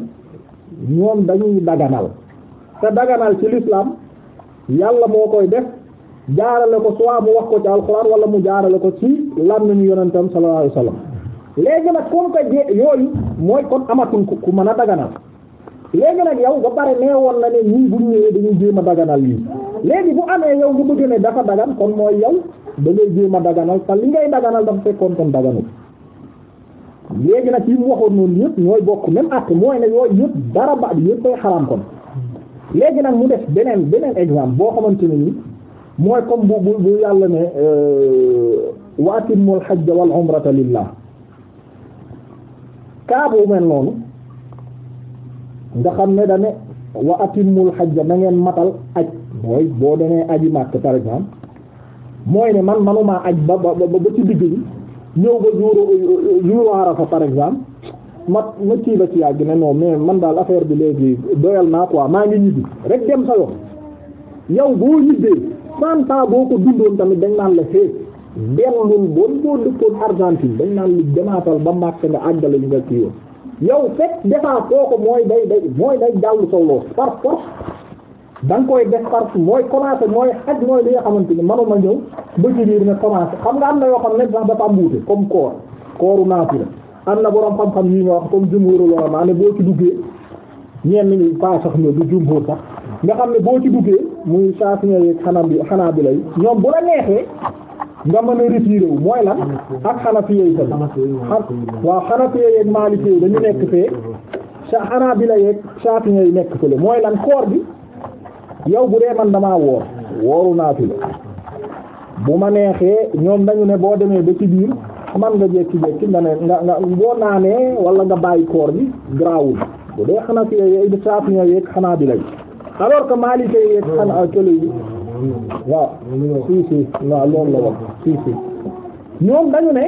Speaker 1: ñoom dañuy daganal te daganal ci l'islam yàlla moo koy def jaarale ko soit mu wax ko ci alxuraan wala mu jaarale ko ci làmmiñu yonentam sallallahu alayhi wasallam léegi nag comme que je yooyu mooy kon amatul ku mën a daganal léegi nag yow ba pare nee woon na ne ñii bu ñëwee dañuy jéem a daganal yi léegi bu amee yow bu bëgg ne dafa dagan kon mooy yow da ngay jéem a daganal te li ngay daganal dafa fekkoon kon daganul léegi nag yi mu waxoon noonu yëpp ñooy bokk même at mooy ne yooyu yëpp dara ba yëpp day xaraam kon léegi nag mu def beneen beneen exemple boo xamante ne ni mooy comme bu bu bu yàlla ne euh, wa atimmul hajja wal umrata lillah kaa noonu nga xam ne dane wa atimmul hajja na ngeen matal aj mooy boo demee aji màkk par exemple mooy ne man manumaa aj ba ba ba ci digg bi ñëw ba jour jour Arafa par exemple ma ma kii la ci yàgg na non mais man daal affaire bi léegi doyal naa quoi maa ngi ñibbi rek dem sa yoon yow boo ñibbee cent ans boo ko dundoon tamit dañ naan la fee dellul bon boo dëppoon Argentine dañ naan lu demaatal ba màkk nga àggale ñu nga kii yoon yow fekk defaa kooku mooy day day mooy day jàll sa loos par force da nga koy def par mooy commencé mooy xaj mooy li nga xamante ni manuma ñëw ba ci biir ne commencé xam nga am na yoo xam ne sax dafa am wuute comme koor kooru naafila am na borom xam-xam yi nga wax comme jumhuru lool maa ne boo ci duggee sax nga xam ne boo ci duggee muy Shafi'i yi xanaa bi xanaa bi lay ñoom bu la neexee nga mën a retiré wu mooy lan ak Hanafi yi tamit waaw dañu nekk fee xanaa bi lay yeeg Shafi'i yi nekk fële mooy lan koor bi. yow bu dee man damaa woor wooru naafila bu ma neexee ñoom dañu ne boo demee ba ci biir man nga jekki-jekki nga ne nga nga boo naanee wala nga bàyyi koor bi grawul bu dee xanaa fi yooyu saafiñoo yeeg xanaa bi lay alors que Malika yeeg xanaa kële yi waaw si si waaw loolu la wax si si ñoom dañu ne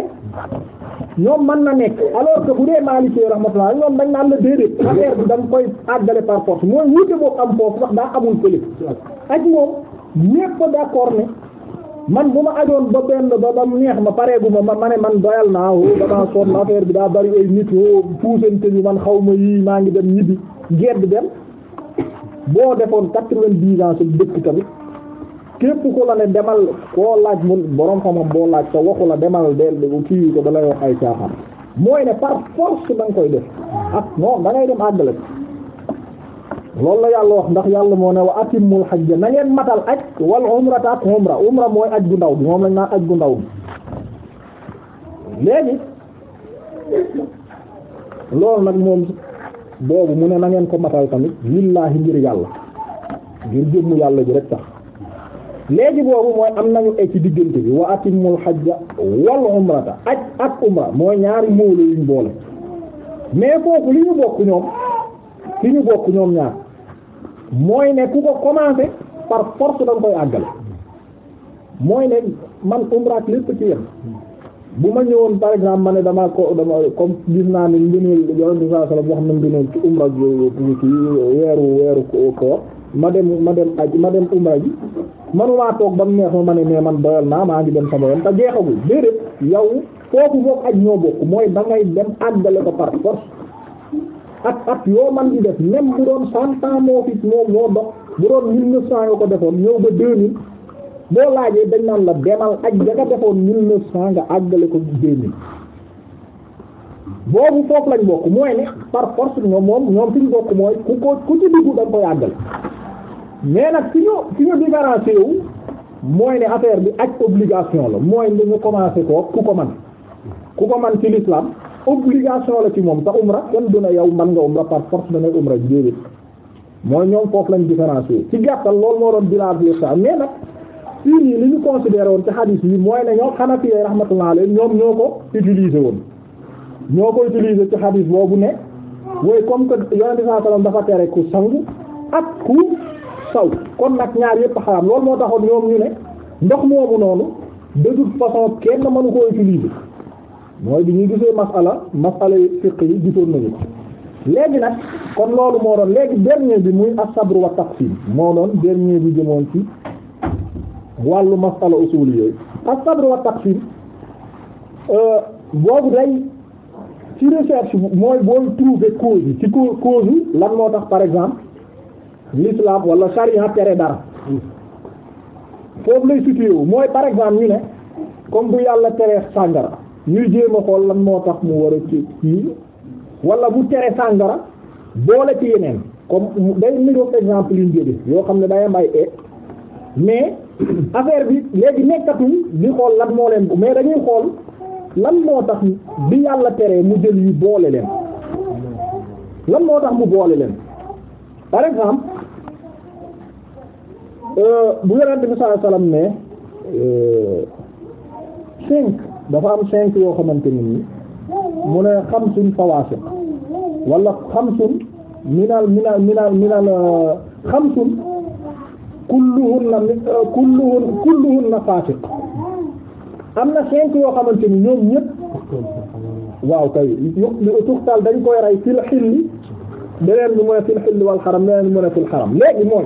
Speaker 1: ñoom mën na nekk alors que bu dee Maliki rahmatullah ñoom dañ naan la déedéet affaire bi da koy àggale par force mooy wuute boo am foofu sax daa amul fële ak moom ñépp d'accord ne man bu ma ajoon ba benn ba ba neex ma pareegu ma ma ne man doyal naa woo oh, damaa sonn affaire bi daa bari ay nit woo oh, puusante bi man xaw ma yii maa ngi dem ñibbi gedd dem boo defoon quatre-vingt-dix ans sa dëkk tamit képp ku la ne demal koo laaj mun borom xamam boo laaj te waxu la demal del bu kii ko da wax ay caaxaan mooy ne par force da koy def ak non da dem àggale loolu la yàlla wax ndax yàlla moo ne wa atimul hajja na ngeen matal aj wal umrata ak umra umra mooy aj gu ndaw bi moom lañ naan aj gu ndaw bi léegi loolu nag moom boobu mu ne na ko matal tamit lillahi ngir yàlla ngir jëmmu yàlla ji rek tax léegi boobu mooy am nañu ay ci diggante bi wa atimul hajja wal umrata aj ak umra mooy ñaari móolo yuñ boole mais foofu li ñu bokk ñoom li ñu bokk ñoom ñaar mooy ne ku ko commencé par force da nga koy àggale mooy ne man umra ak lépp ci yem bu ma ñëwoon par exemple ma ne damaa ko dama comme gis naa ne ngëneel yonent bi sallallahu alayhi wasallam ci umra ji weeru weeru koor ma dem ma dem aj ma dem umra ji manumaa toog ba mu neex ma ma ne mais man doyal naa maa ngi dem sama yoon te jeexagul déedéet yow foofu moom ak ñoo bokk mooy da ngay dem àggale ko par force ak ak yoo man di def même bu doon cent ans moo fi moo moo dox bu doon mille neuf cent yoo ko defoon ñëw ba deux dañ naan la demal ak ya nga ko deux mille boobu foofu lañ bokk mooy ne par force moom ñoom fi ñu bokk mooy ku ko ku ci dugg da koy àggale mais nag fi ñu fi ñu différencié wu mooy ne affaire bi ak obligation la mooy li ñu commencé ko ku ko man ku ko man ci l'islam obligation la ci moom te umra kenn du na yow man nga umra par force da ngay umra jéegé mooy ñoom foofu lañ différencié ci gàttal loolu moo doon bilan bi sa mais nag fii nii li ñu considéré woon ci hadith yi mooy ne ñoom Hanafi rahmatullah alayhi ñoo ko utilisé woon ñoo ko utilisé ci hadith boobu ne mooy comme que yonent bi sallallahu alayhi wasallam dafa tere ku ku. saw kon nag ñaar yëpp xaraam loolu moo taxoon ñoom ñu ne ndox moomu noonu de toute façon kenn mënu koo utiliser mooy bi ñuy gisee masala masala fiq yi gisoon nañu ko léegi nag kon loolu moo doon léegi dernier bi muy as-sabr wa taqsim moo doon dernier bi jëmoon ci wàllu masala usul yooyu as-sabr wa taqsim euh, boobu day ci recherche mooy booy trouver cause yi ci cause yi lan moo tax par exemple l'islam wala charia tere dara foofu lay situé mooy par exemple ñu ne comme bu yàlla tere sàngara ñuy jéem xool lan moo tax mu war a kii wala bu tere sàngara boole ci yeneen comme day niroog exemple yu ñu yoo xam ne day am ay mais affaire bi léegi nekkatul di xool lan moo leen mais dañuy xool lan moo tax bi yàlla teree mu jël yu boole leen lan moo tax mu boole leen par exemple bu yonente bi sallallahu alayhi wasallam euh, cinq dafa am cinq yoo xamante ne nii mu ne xamsun fawaasiq wala xamsun minal minal minal minal euh, xamsun kulluhunna euh, kulluhun kulluhunna faasiq am na cinq yoo xamante ni ñoom ñëpp waaw kay tuxtal dañ koy rey fil xilli beneen bi mu ne fil xilli wal xaram beneen bi mu ne fil xaram léegi mooy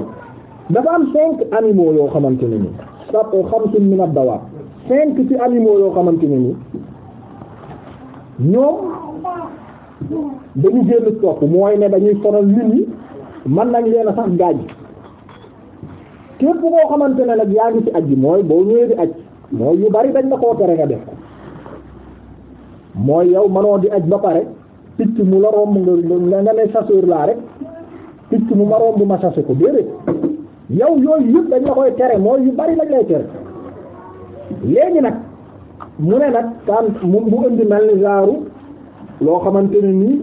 Speaker 1: dafa am cinq animaux yoo xamante ne ni sa xamsun min ad-dawaab cinq ci animaux yoo xamante ne ni ñoom dañu génn topp mooy ne dañuy sonal nit ñi mën nañ leen a sax gaañ képp koo xamante ne nag yaa ngi ci aji mooy boo ñëwee aj mooy yu bari dañ la koo tere nga def ko mooy yow manoo di aj ba pare picc mu la romb nga nga ne chasseur laa rek picc mu ma romb ma chassé ko déedéet yow yooyu yëpp dañ la koy tere mooy yu bari lañ lay tere léegi nag mu ne nag kan mu bu indi mel ni genre loo xamante ne nii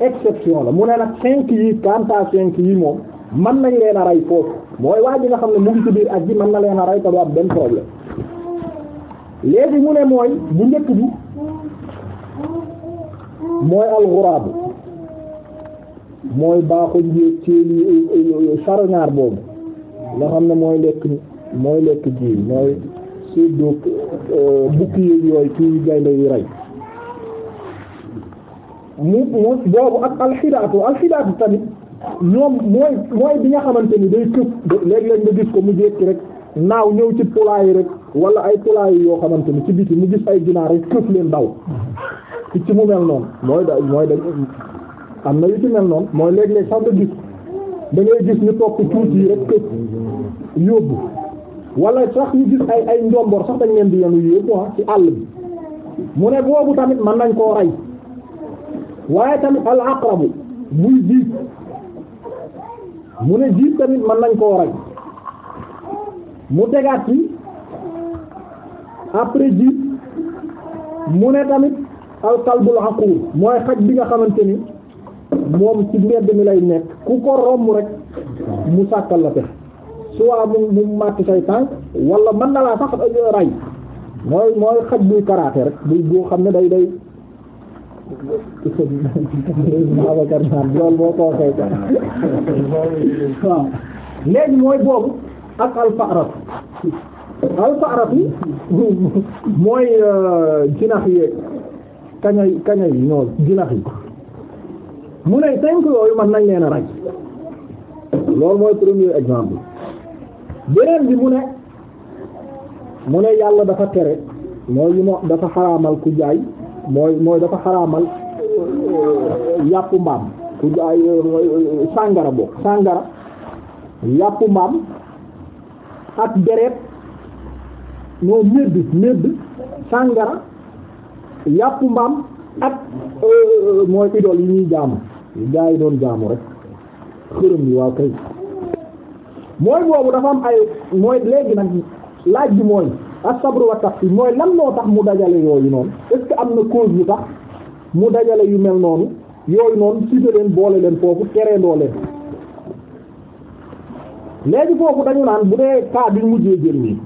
Speaker 1: exception la mu ne nag cinq yi kanta cinq yi moom mën nañ leen a ray foofu mooy waa ji nga xam ne mu ngi ci biir ak yi man na leen a rey te du am benn problème léegi mu ne mooy bu njëkk bi mooy alxuraabu mooy baaxuñ jéeg ceeli charognard boobu nga xam ne mooy lekk mooy lekk ji mooy surtout euh, bukki yooyu ci gaynde yi rey mu mu boobu ak alxidaatu alxidaatu tamit ñoom mooy mooy bi nga xamante ni day këf léeg-léeg nga gis ko mu jékki rek naaw ñëw ci pulaayi rek wala ay pulaayi yoo xamante ni ci biti mu gis ay ginaar rek këf leen daw ci ci mu mel noonu mooy da mooy da am na yu ci mel noonu mooy léeg-léeg sax nga gis da ngay gis ñu topp tuuti rek këpp yóbbu wala sax ñu gis ay ay sax dañ leen di yenu yóbbu ah ci àll bi mu ne boobu tamit man nañ koo rey waaye tamit al aqrabu muy jiit mu ne jiit tamit mën nañ koo rey mu tegaat yi
Speaker 2: après jiit
Speaker 1: mu ne tamit al kalbul aqur mooy xaj bi nga xamante ni moom ci mbedd mi lay nekk ku ko romb rek mu sàkkal la pexe soit mu mu màtt say tànk wala mën na laa sax ray mooy mooy xaj buy karaate rek buy boo xam ne day day Babacar naan loolu boo léegi mooy boobu ak alfarat alfarat yi mooy euh, jinax yi kañay kañay ñoo jinax yi mu ne cinq yooyu man nañ leen a ràññ loolu mooy premier exemple beneen bi mu ne mu ne yàlla dafa tere mooy yu ma dafa xaraamal ku jaay mooy mooy dafa xaraamal euh, yàpp mbaam ku jaay euh, euh, sàngara bokk sàngara yàpp mbaam ak deret noo médd médd sàngara yàpp mbaam ak mooy idole yi ñuy jaamu gaa yi doon jaamu rek xërëm yi waaw kay mooy boobu dafa am ay mooy léegi nag laaj bi mooy as-sabr wa mooy lan loo tax mu dajale yooyu noonu est-ce am na cause yu tax mu dajale yu mel noonu yooyu noonu cité leen boole leen foofu tereendoo leen léegi foofu dañu naan bu dee cas bi mujjee jël nii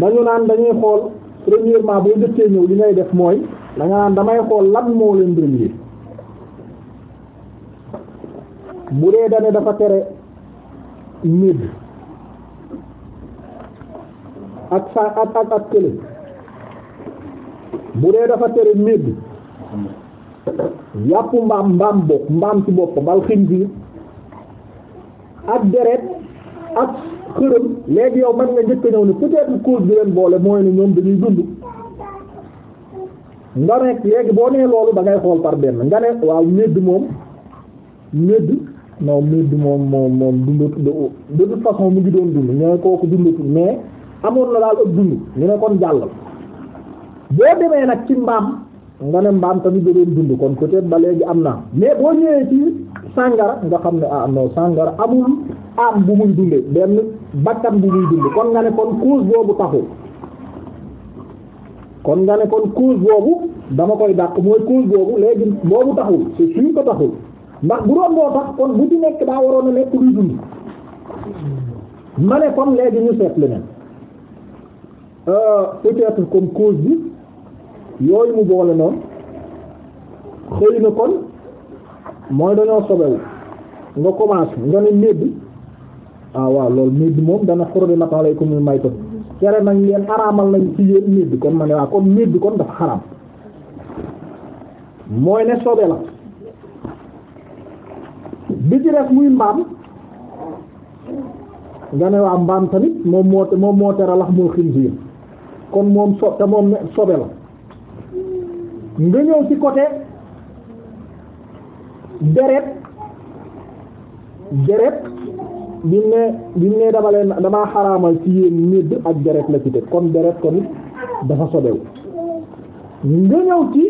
Speaker 1: dañu naan dañuy xool premièrement boo jëkkee ñëw li ngay def mooy da nga naan damay xool lan moo leen relier bu dee dane dafa tere médd ak sa ak ak ak kële bu dee dafa tere médd yàpp mbaam mbaam bopp mbaam ci boppam al xinziir ak deret ak xërëm léegi yow man nga njëkk ñëw ne peut-être cause bi leen boole mooy ne ñoom dañuy dund nga nekk léegi boo nee loolu da ngay xool par benn nga ne waaw médd moom médd non médd moom moom moom dundatu de toute façon mu ngi doon dund ñu ne kooku dundatu mais amoon na daal ak dund ñu ne kon jàllal boo demee nag ci mbaam nga ne mbaam tamit da doon dund kon peut-être ba léegi am naa mais boo ñëwee ci sàngara nga xam ne ah non sàngara amul am bu muy dunde benn bakkan bu muy dund kon nga ne kon cause boobu taxul kon nga ne kon cause boobu dama koy dàq mooy cause boobu léegi boobu taxul c'est sûr que taxul ndax bu doon boo tax kon bu ci nekk daa waroon a nekk luy dund ma ne kon léegi ñu seet leneen euh, peut-être kon cause bi yooyu mu boole noonu xëy na kon mooy dañoo sobewu nga commencé nga ne médd ah waaw loolu médd moom dana xordi matalay ko muy may ko tere nañ leen xaraamal nañ ci yéen médd kon ma waa kon médd kon dafa xaraam mooy ne sobe la bi ci def muy mbaam nga ne waa mbaam tamit moom moo moom moo tere lax moo xinsiir kon moom so te moom sobe la nga ñëw ci côté deret deret bi mu ne bi ne dama leen damaa xaraamal ci yéen médd ak deret la ci teg kon deret kon dafa sobewu nga ñëw ci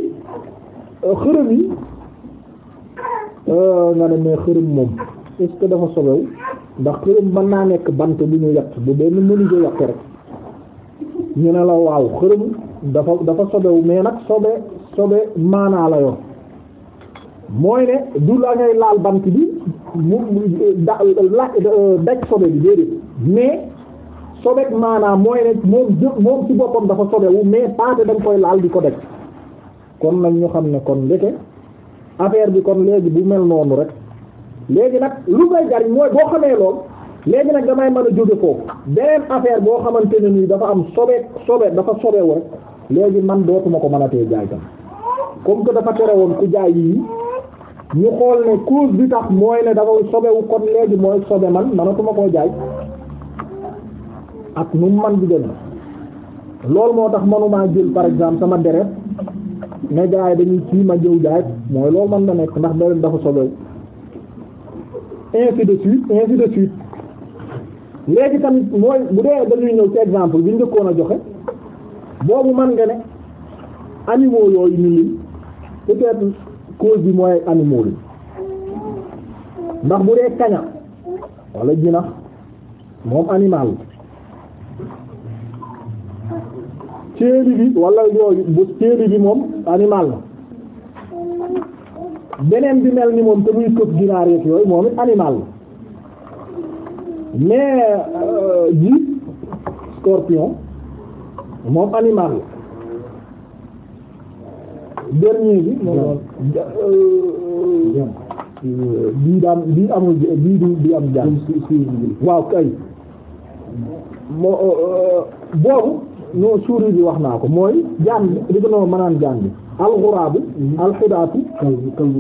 Speaker 1: euh, xërëm euh, nga ne mais xërëm moom est que dafa sobewu ndax xërëm mën naa nekk bant bu ñu yàq bu benn menuisier yàq rek ñu ne la waaw xërëm dafa dafa sobewu mais nag sobe sobe maanaa la yoon mooy ne du la ngay laal bant bi moom euh, da euh, la euh, daj sobe bi déedéet mais sobeek maanaam mooy rek moom jë moom ci boppam dafa sobewu mais paase dañ koy laal di ko daj kon nag ñu xam ne kon ndeke affaire bi kon léegi bu mel noonu rek léegi nag lu koy jariñ mooy boo xamee lool léegi nag damay man a jóge foofu beneen affaire boo xamante ne nii dafa am sobeek sobe dafa sobewu rek léegi man dootuma ko mën a tee jaay tam comme que dafa tere woon ku jaay yii ñu xool ne cause bi tax mooy ne dafay sobewu kon léegi mooy sobe man manatuma koo jaay ak nu man bi demee loolu moo tax manumaa jël par exemple sama deret ne jaay dañuy ci ma jëw jaay mooy loolu man na nekk ndax deret dafa sobewu ainsi de suite ainsi de suite léegi tamit mooy bu dee dañuy ñëw ci exemple bi njëkkoon a joxe boobu man nga ne animaux yooyu ñu lim cause bi mooy animaux yi ndax bu dee kaña wala jinax moom animal céeri bi wala yooyu bu céeri bi moom animal la beneen bi mel ni moom te muy këf ginaar yeeg yooyu moom it animal la euh, ji scorpion moom animal dernier bi moom euh, euh, euh, bii daan bii amul bii du bi am jaan waaw kay moo boobu non suuri bi wax naa ko mooy jaan bi di ko noonu mënaan jaan bi alxuraabu mm-hmm. alxudaatu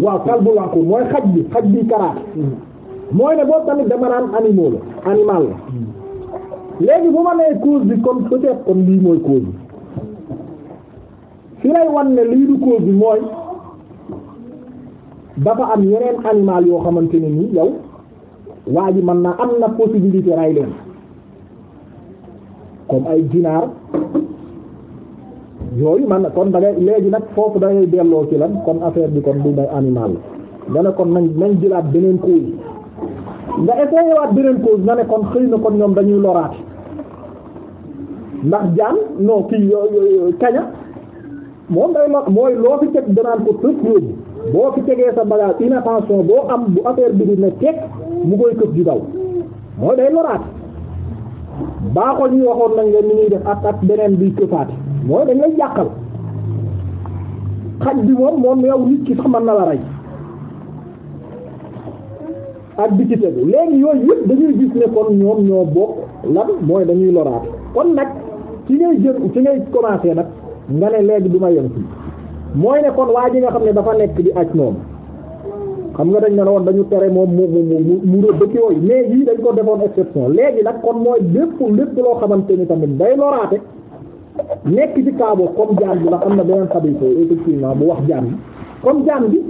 Speaker 1: waaw kalbu laa ko mooy xaj bi xaj bi karaat mm-hmm. mooy ne boobu tamit dama naan animal la animal la mm-hmm. léegi bu ma nee cause bi kon peut-être kon lii mooy cause bi ki lay wan ne lii du cause bi mooy dafa am yeneen animal yoo xamante ne ni yow waa ji mën naa am na possibilité ray leen comme ay ginaar yooyu man na kon da ngay léegi nag foofu da delloo ki lan kon affaire bi kon du day animal la nga ne kon nañ nañ jëlaat beneen cause nga essayé waat beneen cause nga ne kon xëy na kon ñoom dañuy loraat ndax jaan non kii kaña moom day ma mooy loo fi teg danaan ko tëf yóbbu boo fi tegee sa bagage inattention boo am bu affaire bi di ne teg mu koy këf di daw mooy day loraat baaxoo ñu waxoon nañ leen ni ngi def ak ak beneen bi këfaati mooy dañ lay yàqal xaj moom moom yow nit ki sax mën na la rey ak bi ci tegu léegi yooyu yëpp dañuy gis ne kon ñoom ñoo bokk lan mooy dañuy loraat kon nag ci ngay jël ci ngay commencer nag nga ne léegi du ma yem fii mooy ne kon waa ji nga xam ne dafa nekk di aj moom xam nga dañ ne woon dañu tere moom mu mu mu mu rëbb yooyu mais yii dañ ko defoon exception léegi nag kon mooy lépp lépp loo xamante ni tamit day loraate nekk ci kaabo comme jaan bi la xam na beneen xabito effectivement bu wax jaan bi comme jaan bi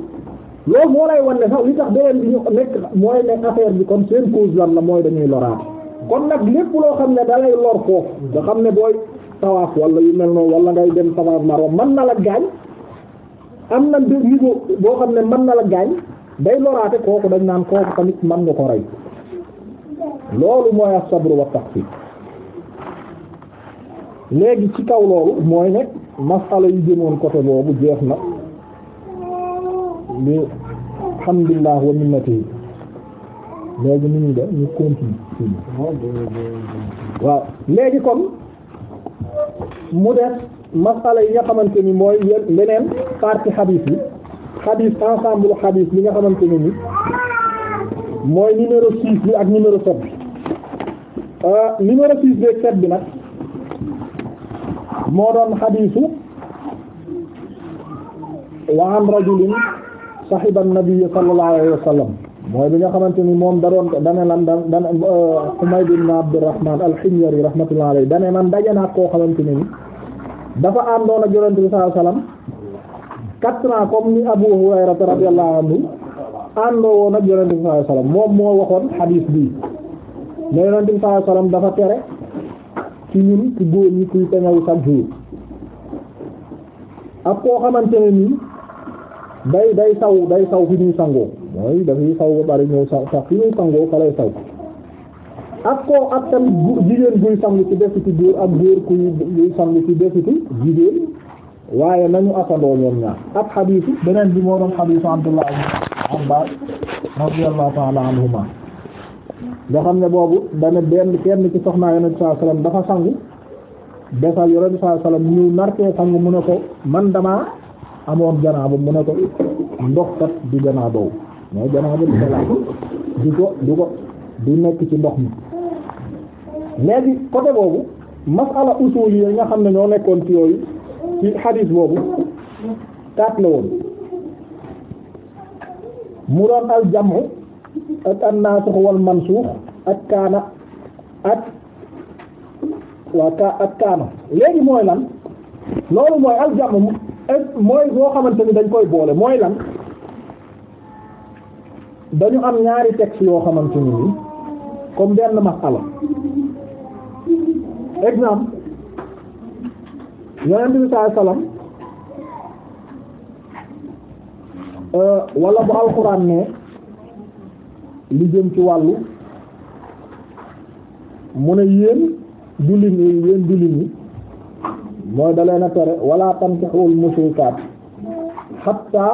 Speaker 1: loolu moo lay wan ne sax li tax beneen bi ñu nekk mooy ne affaire bi comme seen cause lan la mooy dañuy loraate kon nag lépp loo xam ne da lay lor foofu nga xam ne booy tawaaf wala yu mel noonu wala ngay dem tawaaf Marwa man na la gaañ am na niveau boo xam ne man na la gaañ day loraate kooku dañ naan kooku tamit mën nga ko rey loolu mooy as-sabr wa taxfiif léegi ci kaw loolu mooy ne masala yu jëmoon côté boobu jeex na li alhamdulillah wa minnati léegi ni ñu de ñu continue waaw léegi kon mu def masala yi nga xamante ni mooy leneen partie xadiis bi xadiis ensemble xadiis li nga xamante ne ni mooy numéro six bi ak numéro sept bi euh, numéro six bi ak sept bi nag moo doon xadiisu wa rajulin sahiba an-nabiy sallallahu mooy bi nga xamante ni moom da doon dane lan da dan euh, Humayd ibn Abdurrahman al-Himyari rahmatullahi alayhi dane man daje naa koo xamante ni dafa àndoon ak Yonent bi sallallahu alayhi wasallam quatre ans comme ni Abu Hurayra radiyallahu anhu àndoo ak Yonent bi sallallahu moom moo waxoon xadiis bii ne Yonent bi sallallahu alayhi wasallam dafa tere ci ñun ci góor ñi kuy teñaw chaque jour ak koo xamante ne nii day day saw day saw fi ñuy sangoo mooy dafay saw ba bari ñëw saw sax fi ñuy sangoo fa lay saw ak koo ak tamit jigéen buy sangu ci defitu góor ak góor kuy sangu ci defitu jigéen waaye nañu asandoo ñoom ñaar ak xadiisu beneen bi moo doon xadiisu Abdullah ibn Abbas radiyallahu ta'ala anhuma xam ne boobu dana benn benn ci soxnaa yonent saa salaam dafa sangu desal yonent saa salaam ñëw nartee sangu mu ne ko man damaa amoon janaaba mu ne ko ndox kat di janaabaw mooy janaabatul salaat du ko du ko du nekk ci ndox mi léegi côté boobu masala usul yi nga xam ne ñoo nekkoon ci yooyu ci xadiis boobu kaat la woon mu doon al jamu ak an naasux wal mansuux ak kaana ak waa ka ak kaana léegi mooy lan loolu mooy al jamu mooy boo xamante ni dañ koy boole mooy lan dañu am ñaari texte yoo xamante ne nii comme benn masala exemple yonent bi saa salaam euh, wala bu alxuraan ne li jëm ci wàllu mu ne yéen jullit ñi yéen jullit ñi mooy da leen a tere wala tankihul mushrikaat hatta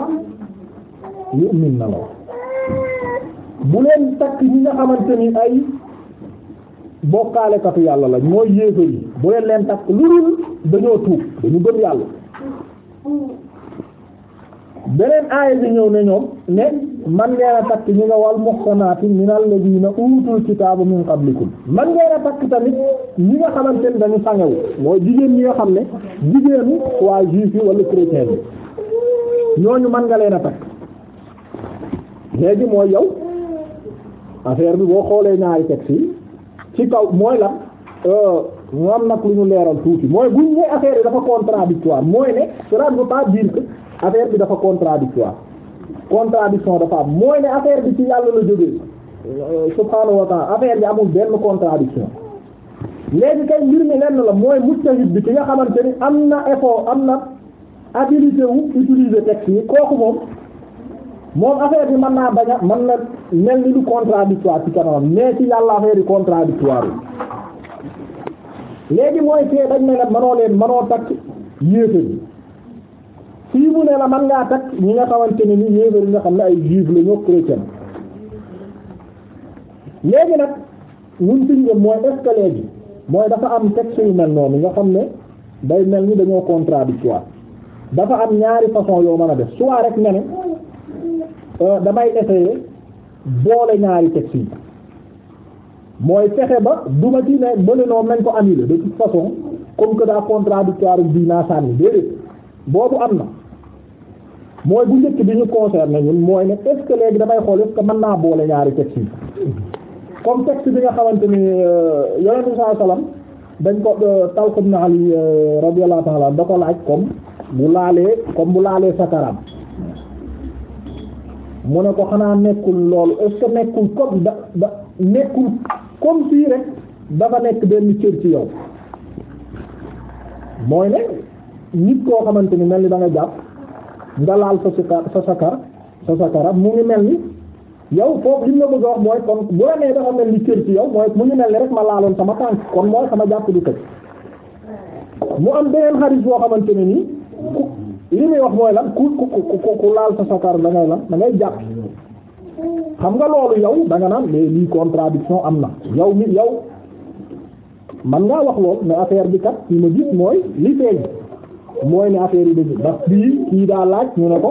Speaker 1: yu'min na law bu leen takk ñi nga xamante ni ay bokkaalekatu yàlla la mooy yéefar yi bu leen leen takk lu dul dañoo tuub dañu gëm yàlla beneen aaya bi ñëw ne ñoom ne man ngeen a takk ñu nga wal muhsanaati minal ladina utul kitaaba min qablikum man ngeen a takk tamit ñi nga xamante ni dañu sangewu mooy jigéen ñi nga xam ne jigéenu waa juif yi wala chrétien bi ñooñu man nga leen a takk léegi mooy yow affaire bi boo xoolee ñaari texte yi ci kaw mooy la mu euh, am nag lu ñu leeral tuuti mooy bu ñu nee affaire bi dafa contradictoire mooy ne cela ne veut pas dire que affaire bi dafa contradictoire contradiction dafa am mooy ne affaire bi ci yàlla la jógee euh, subhaanahu wa ta'ala affaire bi amul benn contradiction léegi kay mbir mi lenn la mooy mujtahid bi ki nga xamante ni am na effort am na habilité wu utiliser texte yi kooku moom moom affaire bi mën naa bañ man mën na mel ni lu contradictoire ci kanamam mais ci yàlla affaire yi contradictoire yi léegi mooy fee dañ ne la mënoo leen mënoo takk yéefar yi fii mu ne la mën ngaa takk ñi nga xamante ne ni yéefar yi nga xam ne ay juif la ñoo chrétien léegi nag ñun suñ jëm mooy est-ce léegi mooy dafa am texte yu mel noonu nga xam ne day mel ni dañoo contradictoire dafa am ñaari façon yoo mën a def soit rek ne ne Euh, damay essayer boole ñaari texte mooy fexe ba duma ci ne bële noonu nañ ko annuler de toute façon comme que daa contradictoire bi naa sànni déedéet boobu am na mooy bu njëkk bi ñu concerné ñun mooy ne est-ce damay xool est-ce que mën naa boole ñaari texte yi comme texte bi nga xamante ni euh, yonent bi saa salaam dañ ko euh, Talq ibn Ali radiyallahu ta'ala da ko laaj comme bu laalee comme bu laalee sakaraam mu ne ko xanaa nekkul loolu est-ce que nekkul comme da da nekkul comme fii rek dafa nekk benn cër ci yow mooy ne nit koo xamante ni mel ni da nga jàpp nga laal sa sakar sa sakara mu ngi mel ni yow foofu li mu la bëgg a wax mooy kon bu la dafa mel ni cër ci yow mooy mu ngi mel ni rek ma laaloon sama tànk kon mooy sama jàpp du tëj mu am beneen xarit boo xamante nii li muy wax mooy lan ku ku ku ku laal sa sakar da ngay lan da jàpp xam nga loolu yow da nga naan mais lii contradiction am na yow mi yow man ngaa wax lool ne affaire bi kat li ma gis mooy li feeñ mooy ne affaire yi dëgg bii kii daa laaj ñu ne ko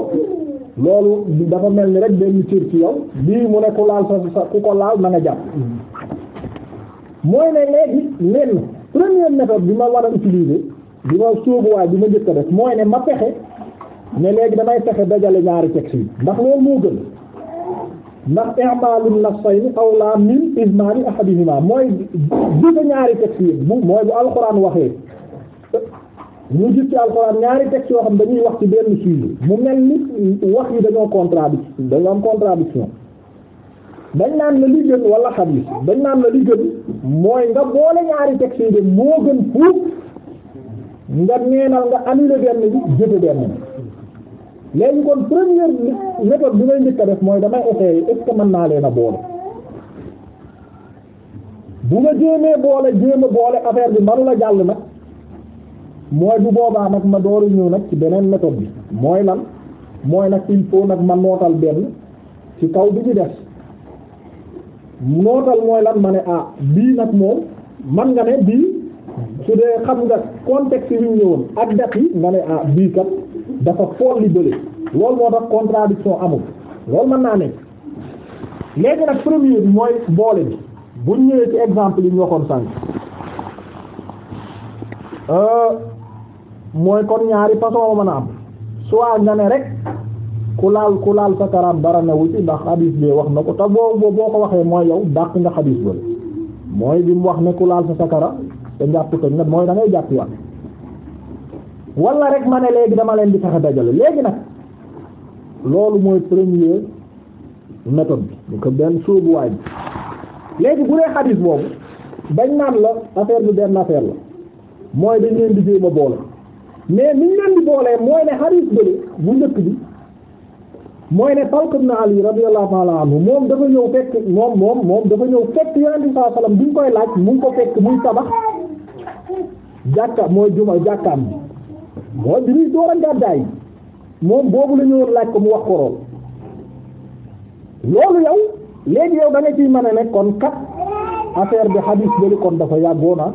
Speaker 1: loolu dafa mel ni rek benn cër ci yow bii mu ne ku laal sa sa ku ko laal na nga jàpp mooy ne léegi lenn première méthode bi ma war a utiliser bi ma sóobuwaay bi ma njëkk a def mooy ne ma pexe ne léegi damay texe dajale ñaari texte yi ndax loolu moo gën ndax i'malun nafsayni awla min izmari ahadihima mooy bi ñaari texte yi bu mooy bu alxuraan waxee ñu gis ci alxuraan ñaari texte yoo xam dañuy wax ci benn sujet mu mel ni wax yi dañoo contradiction dañoo am dañ naan la li gën xam yi dañ naan la li gën mooy nga boole ñaari texte yi de moo gën fuuf nga neenal nga annulé benn bi jëfe benn bi léegi kon première méthode bi may njëkk a def mooy damay essayer est-ce mën naa leen a boole bu ma jéemee boole jéem a boole affaire bi manu la jàll nag mooy bu boobaa nag ma dooru ñëw nag ci beneen méthode bi mooy lan mooy nag il faut nag ma nootal benn ci kaw bi ñu def nootal mooy lan ma ne ah bii nag moom man nga ne bii su dee xam nga contexte yi ñu ñëwoon ak date yi ne ah bii kat dafa fool li bële loolu moo tax contradiction amul loolu mën naa nekk léegi nag premier mooy boole bi bu ñëwee ci exemple yi ñu waxoon sànq euh, mooy kon ñaari façon mën a am soit nga ne rek ku laal ku laal sa karam dara newu ndax xadiis bi wax na ko te boo boo ko waxee mooy yow dàq nga xadiis bële mooy bi mu wax ne ku laal sa sakara te njàpp ko nga mooy da ngay jàpp wala rek ma ne léegi dama leen di tax a dajale léegi nag loolu mooy première méthode bi bu ko benn sóobuwaay bi léegi bu dee xadis boobu dañ naan la affaire bi benn affaire la mooy dañ leen di jéem a boole mais niñ leen di boolee mooy ne xadis bële bu njëkk bi mooy ne Talq ibn Ali radiyallahu ta'ala anhu moom dafa ñëw fekk moom moom dafa ñëw fekk yonent bi sallallahu alayhi wasallam koy laaj mu ngi ko fekk muy tabax jàkka mooy juma jàkkaam bi mooy bi ñuy door a gàddaay moom boobu lañu woon laaj ko mu wax koroom loolu yow léegi yow da nga ciy a ne kon kat affaire bi xadiis bële kon dafa yàggoon na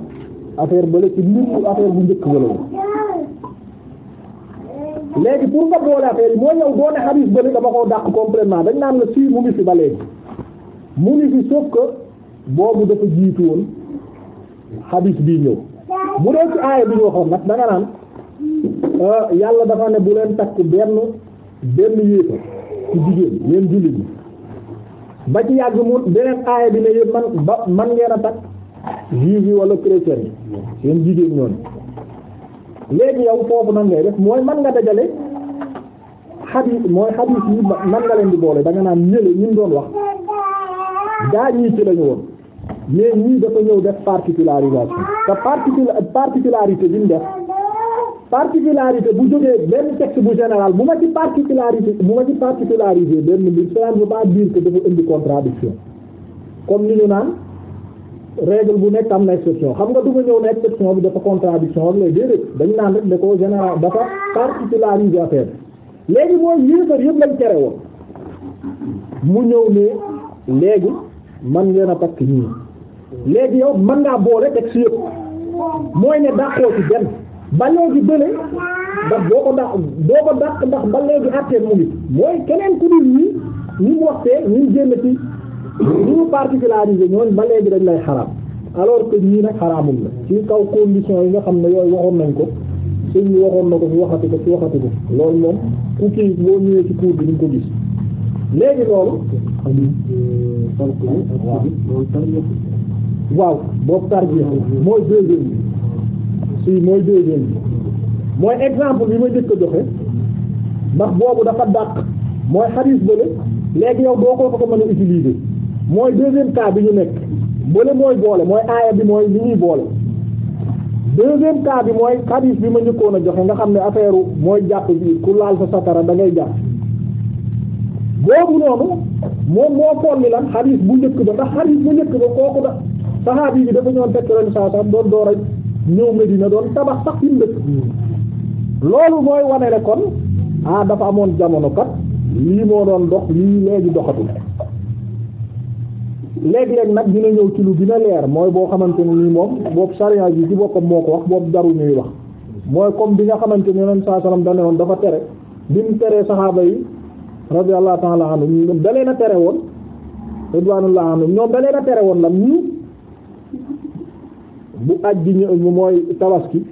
Speaker 1: affaire bële ci mbir affaire bu njëkk bële woon léegi pour nga boole affaire yi mooy yow doo ne xadiis bële dama koo dàq complètement dañ naan la fii mu ngi fi ba léegi mu ngi fi sauf boobu dafa jiitu woon xadiis bii ñëw bu dee ci aaya bi ñu waxoon nag naan. Ah, yàlla dafa ne bu leen takk benn benn yéefa ci jigéen yéen jullit yi ba ci yàgg mu beneen aaya bi ne yéen man ba man ngeen a takk juif yi wala chrétien yi seen jigéen ñoon léegi yow foofu nan ngay def mooy man nga dajale xadiis mooy xadiis yi man nga leen di boole da nga naan ñële ñun doon wax gaa ñii ci lañu woon mais ñii dafa ñëw def particularisation te particula particularité bi mu def particularité bu jógee benn texte bu général bu ma ci particularité bu ma ci particularisé benn mbir cela ne veut pas dire dafa indi contradiction comme ni ñu naan règle bu nekk am na exception xam nga du ma ñëw ne exception bi dafa contradiction ak les déedéet dañ naan rek da ko général dafa particularisé affaire léegi mooy yéefar yëpp lañ tere woon mu ñëw ne léegi man ngeen a takk ñii léegi yow mën ngaa boole texte yëpp mooy ne dàqoo ci benn ba léegi bële ndax boo ko dàq boo ko dàq ndax ba léegi àttee mu ngi mooy keneen ku dul ñi ñi mu waxtee ñu génn ci ñi mu particularisé ñooñ ba léegi dañ lay xaraam alors que ñii nag xaraamul la ci kaw condition yi nga xam ne yooyu waxoon nañ ko suñ waxoon na ko fi waxati ko fi waxati ko loolu moom ku kii boo ñëwee ci cours bi ñu ko gis léegi loolu waaw boobu tarbiya mooy deuxième si mooy deuxième bi mooy exemple bi ma jëkk a joxe ndax boobu dafa dàq mooy xadiis bële léegi yow doo ko ko mën a utiliser mooy deuxième cas bi ñu nekk bële mooy boole mooy aaya bi mooy li ñuy boole deuxième cas bi mooy xadiis bi ma njëkkoon a joxe nga xam ne affaire mooy jàpp bi ku laal sa satara da ngay jàpp boobu noonu moom moo folli lan xadiis bu njëkk ba ndax xadiis bu njëkk ba kooku da saxaabi bi dafa ñoon fekk ren saa sax doon door a ñëw Medina doon tabax sax fi mu dëkk loolu mooy wane ne kon ah dafa amoon jamono kat lii moo doon dox lii léegi doxatul léeg-léeg nag dina ñëw ci lu dina leer mooy boo xamante ne nii moom boobu sariya yi ci boppam moo ko wax boobu jaru ñuy wax mooy comme bi nga xamante ni Yonent saa salaam da woon dafa tere bi mu teree saxaaba yi radiyallahu ta'ala anhum ñoom da leen a tere woon radiyallahu anhum ñoom da leen a tere woon lan ñu. bu ajji ñu mooy tabaski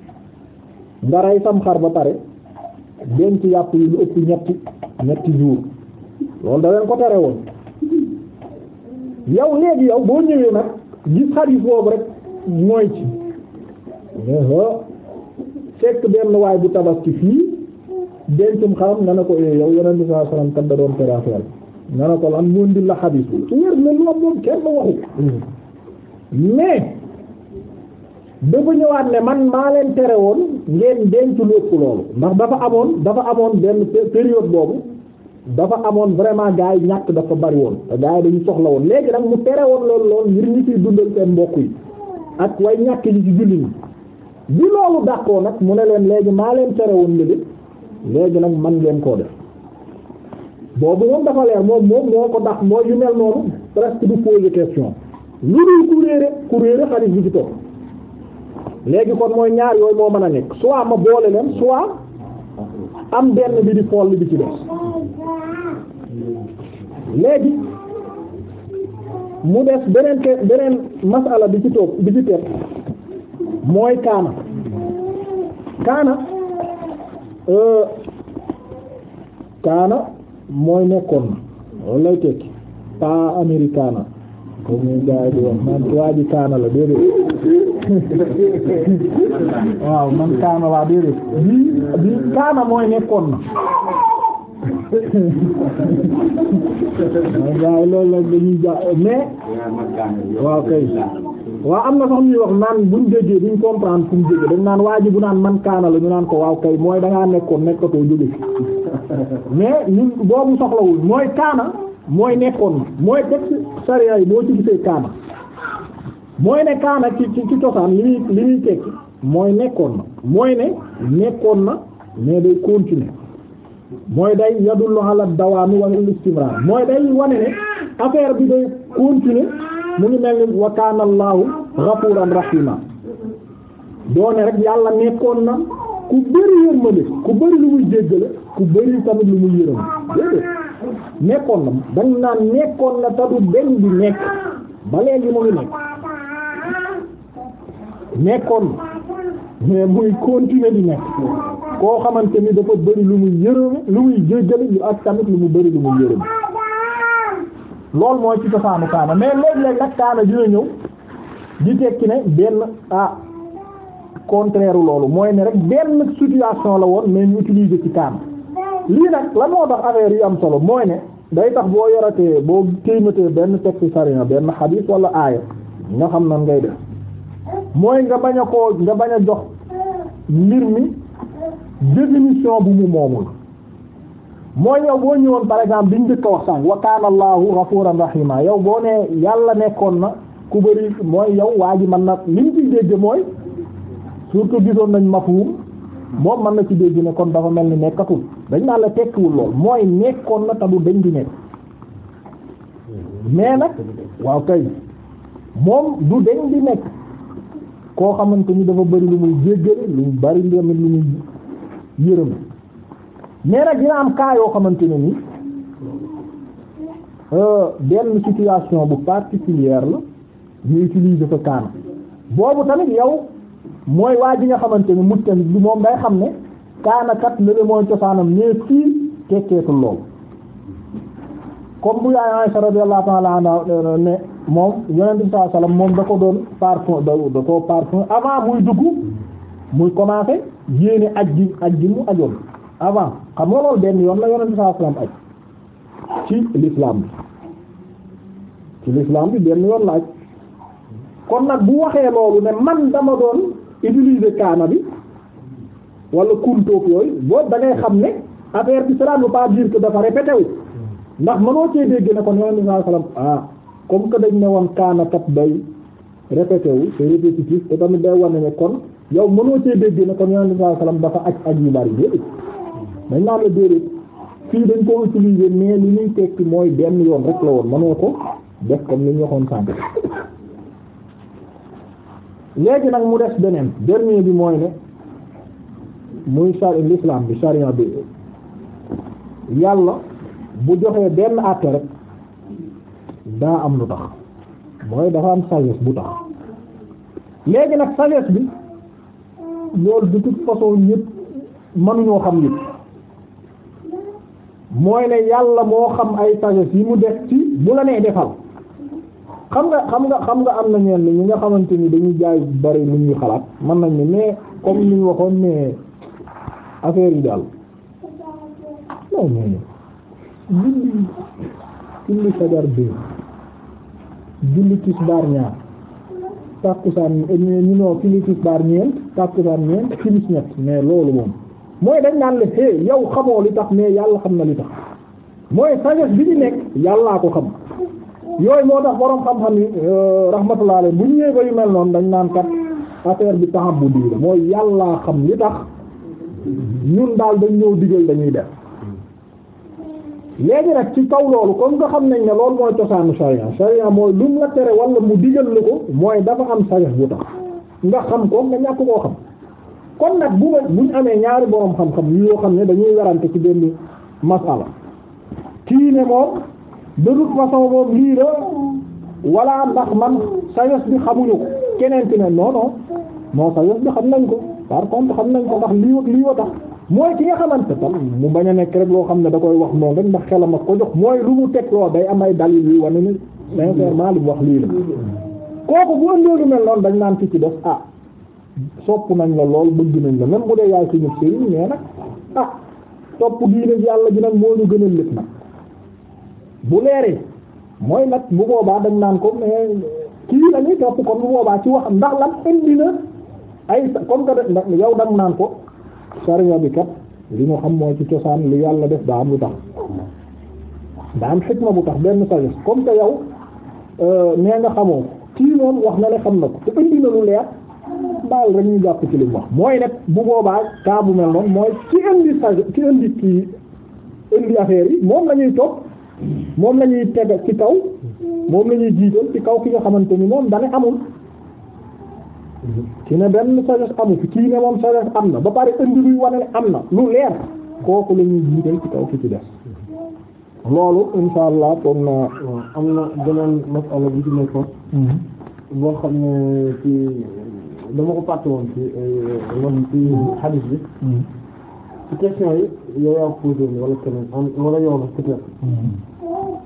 Speaker 1: nga rey sam xar ba pare denc yàpp yi lu ëpp ñetti ñetti jour loolu da leen ko tare woon yow léegi yow boo ñëwee nag gis xarit boobu rek mooy ci fekk benn waay bu tabaski fii dencum xaram nga ne ko eh, yow yeneen bi saa salaam kat da doon tere nga ne ko lan moom di la xarit wér na lool moom kenn waxu hmm. mais dafa ñëwaat ne man maa leen tere woon ngeen denc lépp loolu ndax dafa amoon dafa amoon benn période boobu dafa amoon vraiment gars yi ñàkk dafa bari woon te gars yi dañu soxla woon léegi nag mu tere woon loolu loolu ngir ñu ciy dundal seen mbokk yi ak way ñàkk ñi ci julli ñi bi loolu dàqoo nag mu ne leen léegi maa leen tere woon léegi léegi nag man ngeen koo def boobu moom dafa leer moom moom moo ko dàq mooy yu mel noonu presque du poser question lu dul léegi kon mooy ñaar yooyu moo mën a nekk soit ma boole leen soit am benn bi di fool li bi ci des léegi mu des beneen ke beneen masala bi ci toog bi ci teg mooy kaana kaana euh, kaana mooy nekkoon loolu lay tekki pas américaana comme ni gars di man kaana la déedéet waaw man kaana laa bii bii kaana mooy nekkoon na waaw loolu la dañuy jà mais waaw kay waaw am na sax ñuy wax naan buñ déggee duñ comprendre waa ji man kaana la ñu naan ko waaw kay mooy dangaa nekkoon nekkatoo jóge mais ñun boobu soxlawul mooy kaana mooy nekkoon na mooy def sariya yi boo ci gisee kaana mooy ne kaana ci ci ci cosaan li muy li muy tekki mooy nekkoon na mooy ne nekkoon na mais day continuer mooy day yadullu ala dawaami wala istimrar mooy day wane ne affaire bi day continuer mu ngi mel ni wa kaana allahu doone rek yàlla nekkoon na ku bëri yërmande ku bëri lu muy jéggale ku bëri tamit lu muy yërëm déedéet nekkoon na dañ naan nekkoon na tadu benn bi nekk ba léegi mu ngi nekk nekkoon mais muy continuer di nekk koo xamante ni dafa bëri lu muy yërëme lu muy jéggale yu ak tamit lu mu bëri lu muy yërëme loolu mooy ci cosaanu kaana mais léeg-léeg nag kaana dina ñëw di tekki ne benn ah contraire loolu mooy ne rek benn situation la woon mais ñu utiliser ci kaana lii nag lan moo tax affaire yi am solo mooy ne day tax boo yoratee boo téemétee benn texte sariya benn xadiis wala aaya nga xam nan ngay def mooy nga bañ a koo nga bañ a jox mbir mi définition bu mu moomul mooy yow boo ñëwoon par exemple di njëkk a wax sànq wa kaana allahu ghafuran yow boo nee yàlla nekkoon na ku bëri mooy yow waa ji mën na liñ ciy dégg mooy surtout gisoon nañ mafhum moom mën na ci dégg ne kon dafa mel ni nekkatul dañ naan la tekkiwul lool mooy nekkoon na tabu dañ di nekk mais nag waaw kay moom du dañ di nekk koo xamante ni dafa bari lu muy jéggale lu bari ndéemit lu muy yërëm mais nag dina am cas yoo xamante ne ni euh, benn situation bu particulière la ñu utiliser ko kaana boobu tamit yow mooy waa ji nga xamante ni mujtahid bi moom day xam ne kaanakat lële mooy cosaanam mais fii tekkeetul loolu comme bu yaay Aisha radiyallahu ta'ala anha ne moom yonent bi sallallahu alayhi moom da ko doon parfum da ko parfum avant muy dugg muy commencé yéene aj gi aj gi mu ajoon avant xam nga loolu benn yoon la yonent bi sallallahu alayhi wasallam ci l'islam bi ci l'islam bi benn yoon la aj kon nag bu waxee loolu ne man dama doon utiliser kaana bi wala kuntóog yooyu boobu da ngay xam ne affaire bi cela ne veut pas dire que dafa répété ndax mënoo cee dégg ne ko yonent bi sallallahu alayhi ah comme que dañ ne woon kaana kat day répété wu c'est te tamit day wane ne kon yow mënoo cee dégg ne kon yonent bi sallallahu alayhi wasallam dafa aj aj yu bari dañ naan la déedéet fii dañ ko utiliser mais li ñuy tekki mooy benn yoon rek la woon mënoo ko def comme ni ñu waxoon sànq léegi nag mu des beneen dernier bi mooy ne muy chari l'islam bi charia bi yàlla bu joxee benn àtte daa am lu tax mooy dafa am sagesse bu tax léegi nag sagesse bi loolu de toute façon ñëpp mënuñoo xam yëpp mooy ne yàlla moo xam ay sagesse yi mu def ci bu la defal xam nga xam nga xam nga am na ñenn ñi nga xamante ni dañuy jaay bari lu ñuy xalaat mën nañ ne mais ni ñu waxoon ne yi daal bi julli tisbaar ñaar tàkkusaan ñu noo julli mooy dañ naan la xé yow xamoo li tax mais yàlla xam na li tax mooy sagesse bi ñu nekk yàllaa ko xam yooyu moo tax borom xam-xam yi euh, rahmatullah alayhi bu ñu ñëwee ba yu mel noonu dañ naan kat affaire bi temps bu diir mooy yàllaa xam li tax ñun daal dañ ñëw digal dañuy def léegi nag ci kaw loolu comme nga xam nañ ne loolu mooy cosaanu sharia sharia mooy lu mu la tere wala mu digal lu ko mooy dafa am sagesse bu tax nga xam ko nga ñàkk koo xam kon nag bu ma buñ amee ñaari boroom xam-xam yoo xam ne dañuy werante ci benn masala kii ne moom de toute façon moom lii la walla ndax man sagesse bi xamuñu ko keneen ki ne non non non sagesse bi xam nañ ko par contre xam nañ ko ndax lii ak lii tax mooy ki nga xamante tam mu bañ a nekk rek xam ne da koy wax noonu rek ndax xelam ko jox mooy lu mu teg day am ay dalil yu wane ni sincèrement li mu wax lii la kooku bu ëndee lu mel noonu dañ naan ci ci def ah sopp nañ la lool bëgg nañ la même bu dee yaay suñu sëriñ mais ah, yàlla ji nag moo ñu gën a bu leeree mooy nag bu boobaa dañ naan ko mais kii la ñuy topp kon bu boobaa ci wax ndax lan indi na ay comme que def ndax yow dañ naan ko sariya bi kat li ñu xam mooy ci cosaan lu yàlla def daa am lu tax daa am xikma bu tax benn sagesse comme que yow euh, nee nga xamoo kii moom wax na la xam na ko te indi na leer daal rek ñu jàpp ci li wax mooy nag bu boobaa kaa bu mel noonu mooy ci indi sagesse ci indi kii indi affaire yi moom la ñuy topp. moom la ñuy teg ci kaw moom la ñuy jiital ci kaw ki nga xamante ni moom dane amul ki ne benn sagesse amu fi kii ne moom sagesse am na ba pare indi luy wane am na lu leer kooku la ñuy jiital ci kaw ki ci des loolu insha allah foog naa am na beneen masala bi ci nekkoon mhm. boo xam ne ci dama ko fàtte woon ci euh, loolu ci ci question yi yow yaa posé wala keneen wala yow la peut-être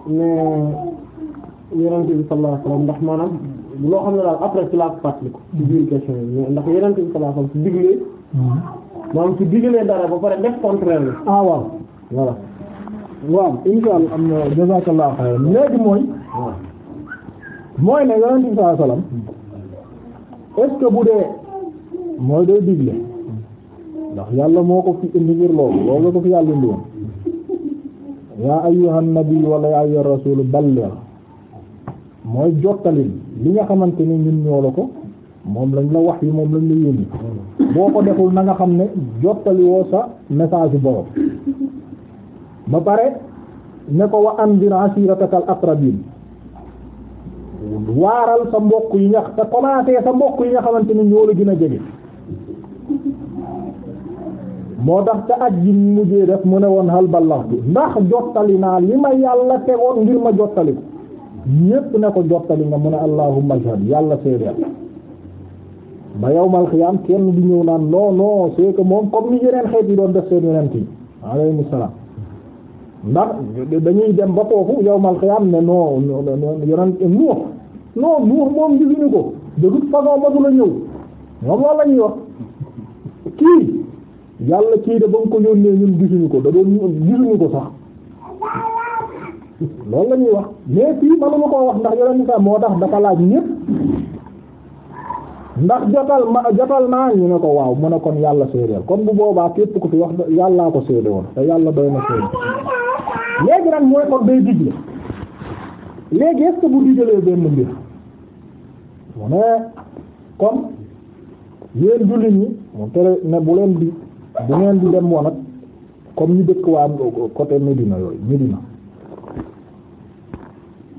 Speaker 1: mais yonent bi sallallahu alayhi wasallam ndax maanaam loo xam ne daal après ci laa ko fàttali ko ci biir question yi ndax yonent bi sallallahu alayhi wasallam su diglee hmm. maanaam su diglee dara ba pare def contraire la ah waaw voilà waaw insha Allah am na jazakallahu khayran léegi mooy mooy ne yonent bi sallallahu alayhi wasallam est-ce que bu dee mooy day digle ndax yàlla moo ko fi indi ngir loolu loolu ko fi yàlla indi yaa ayyuhan nabi wala yaa ayyuhar rasul balligh mooy jottalin li nga xamante ni ñun ñoo ko moom lañ la wax yi moom lañ la yónni boo ko deful na nga xam ne jottali woo sa message borom ba pare ne ko wa anzir ashiratakal aqrabin waaral sa mbokk yi nga te commencé sa mbokk yi nga xamante ni ñoo la gën a jege moo tax ca aj ji mujjee def mu ne woon hal ballaxtu ndax jottali naa li ma yàlla tegoon ngir ma jottali ko ñépp ne ko jottali nga mu ne allahumma ashhad yàlla seedeel ba yawmal xiyaam kenn du ñëw naan non non c'est moom comme ni yeneen xeet yi doon def seen yonent yi alayhimu salaam ndax dañuy dem ba foofu yawmal xiyaam ne non non non yonent Nuux non Nuux moom gisuñu ko de toute la ñëw ñoom la ñuy wax kii. yàlla kii de ba mu ko yónnee ñun gisuñu ko da doon gisuñu ko sax loolu la wax mais fii manuma koo wax ndax yeneen moo tax dafa laaj ñépp ndax jotal ma jotal naa ñu ne ko waaw mu ne kon yàlla séedeel kon bu boobaa képp ko fi wax yàllaa ko séede woon te yàlla doy na séede léegi nag mooy kon day digle léegi est-ce que bu digalee benn mbir mu ne comme yéen jullit ñi mu tere ne bu leen di bu ngeen di dem woon comme ñu dëkk waa côté Médina yooyu Médina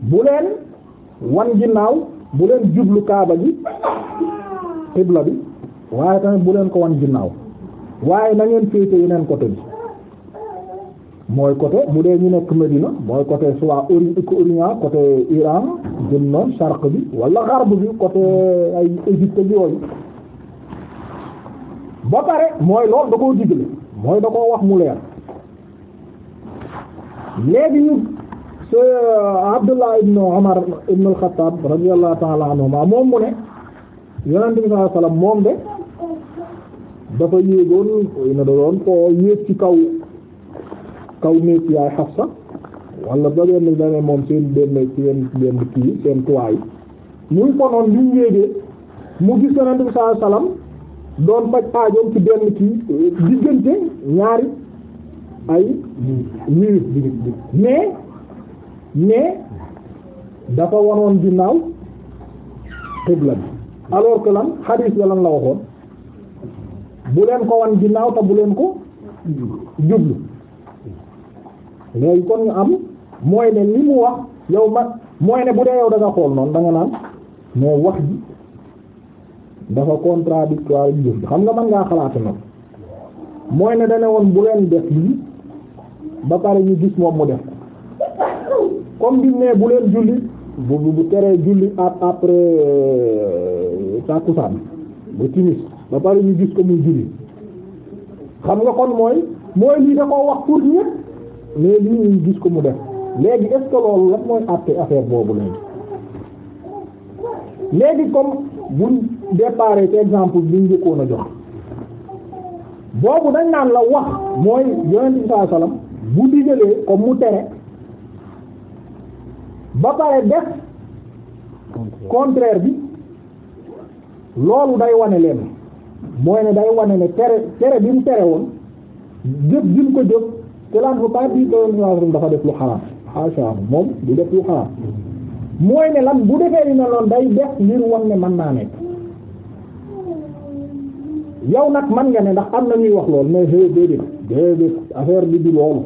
Speaker 1: bu leen wan ginnaaw bu leen jublu kaaba gi xibla bi waaye tamit bu leen ko wan ginnaaw waaye na ngeen féete yeneen côté bi mooy côté mu dee ñu nekk Médina mooy côté soit orient côté Iran jëm noonu sharq bi wala gharb bi côté ay Égypte bi ba pare mooy lool da koo digle mooy da koo wax mu leer léegi ñu se euh, Abdullah ibn Umar ibn al-Khattab radiyallahu ta'ala moom mu ne yonent bi sallallahu alayhi moom de dafa yéegoon na da doon koo yéeg ci kaw kaw néeg yaay Hafsa wala ba benn dane moom seen benn seen benn kii seen tuwaay muy konoon liñ yéegee mu gis yonent bi sallallahu alayhi doon faj aajoom ci benn kii diggante ñaari ay mur mais mais dafa wanoon ginnaaw xibla bi alors que lan xadiis la lan la waxoon bu leen ko wan ginnaaw ta bu leen ko jublu léegi kon ñu am mooy ne li mu wax yow ma mooy ne bu dee yow da xool noonu da nga naan mais wax ji dafa contradictoire ak jëf xam nga man ngaa xalaat nag mooy ne dane woon bu leen def lii ba pare ñu gis moom mu def comme bi ne bu leen julli bu bu teree julli après euh, tàkkusaan ba timis ba pare ñu gis ko muy julli xam nga kon mooy mooy lii da wax pour ñépp mais ñu gis ko mu def léegi est-ce mooy àtte affaire boobu léegi léegi comme buñ départ ci exemple bi njëkkoon a jox boobu dañ naan la wax mooy yonent bi sallallahu alayhi bu digalee comme mu tere ba pare def contraire bi loolu day wane leen mooy ne day wane ne tere tere bi mu tere woon jëf bi mu ko jëf cela ne veut pas dire que yonent dafa def lu xaraam xaasa moom du def lu xaraam mooy ne lan bu defee dina loon day def ngir wan ne mën naa ne yow nag man nga ne ndax am na ñuy wax lool mais hé déedéet déedéet affaire bi du loolu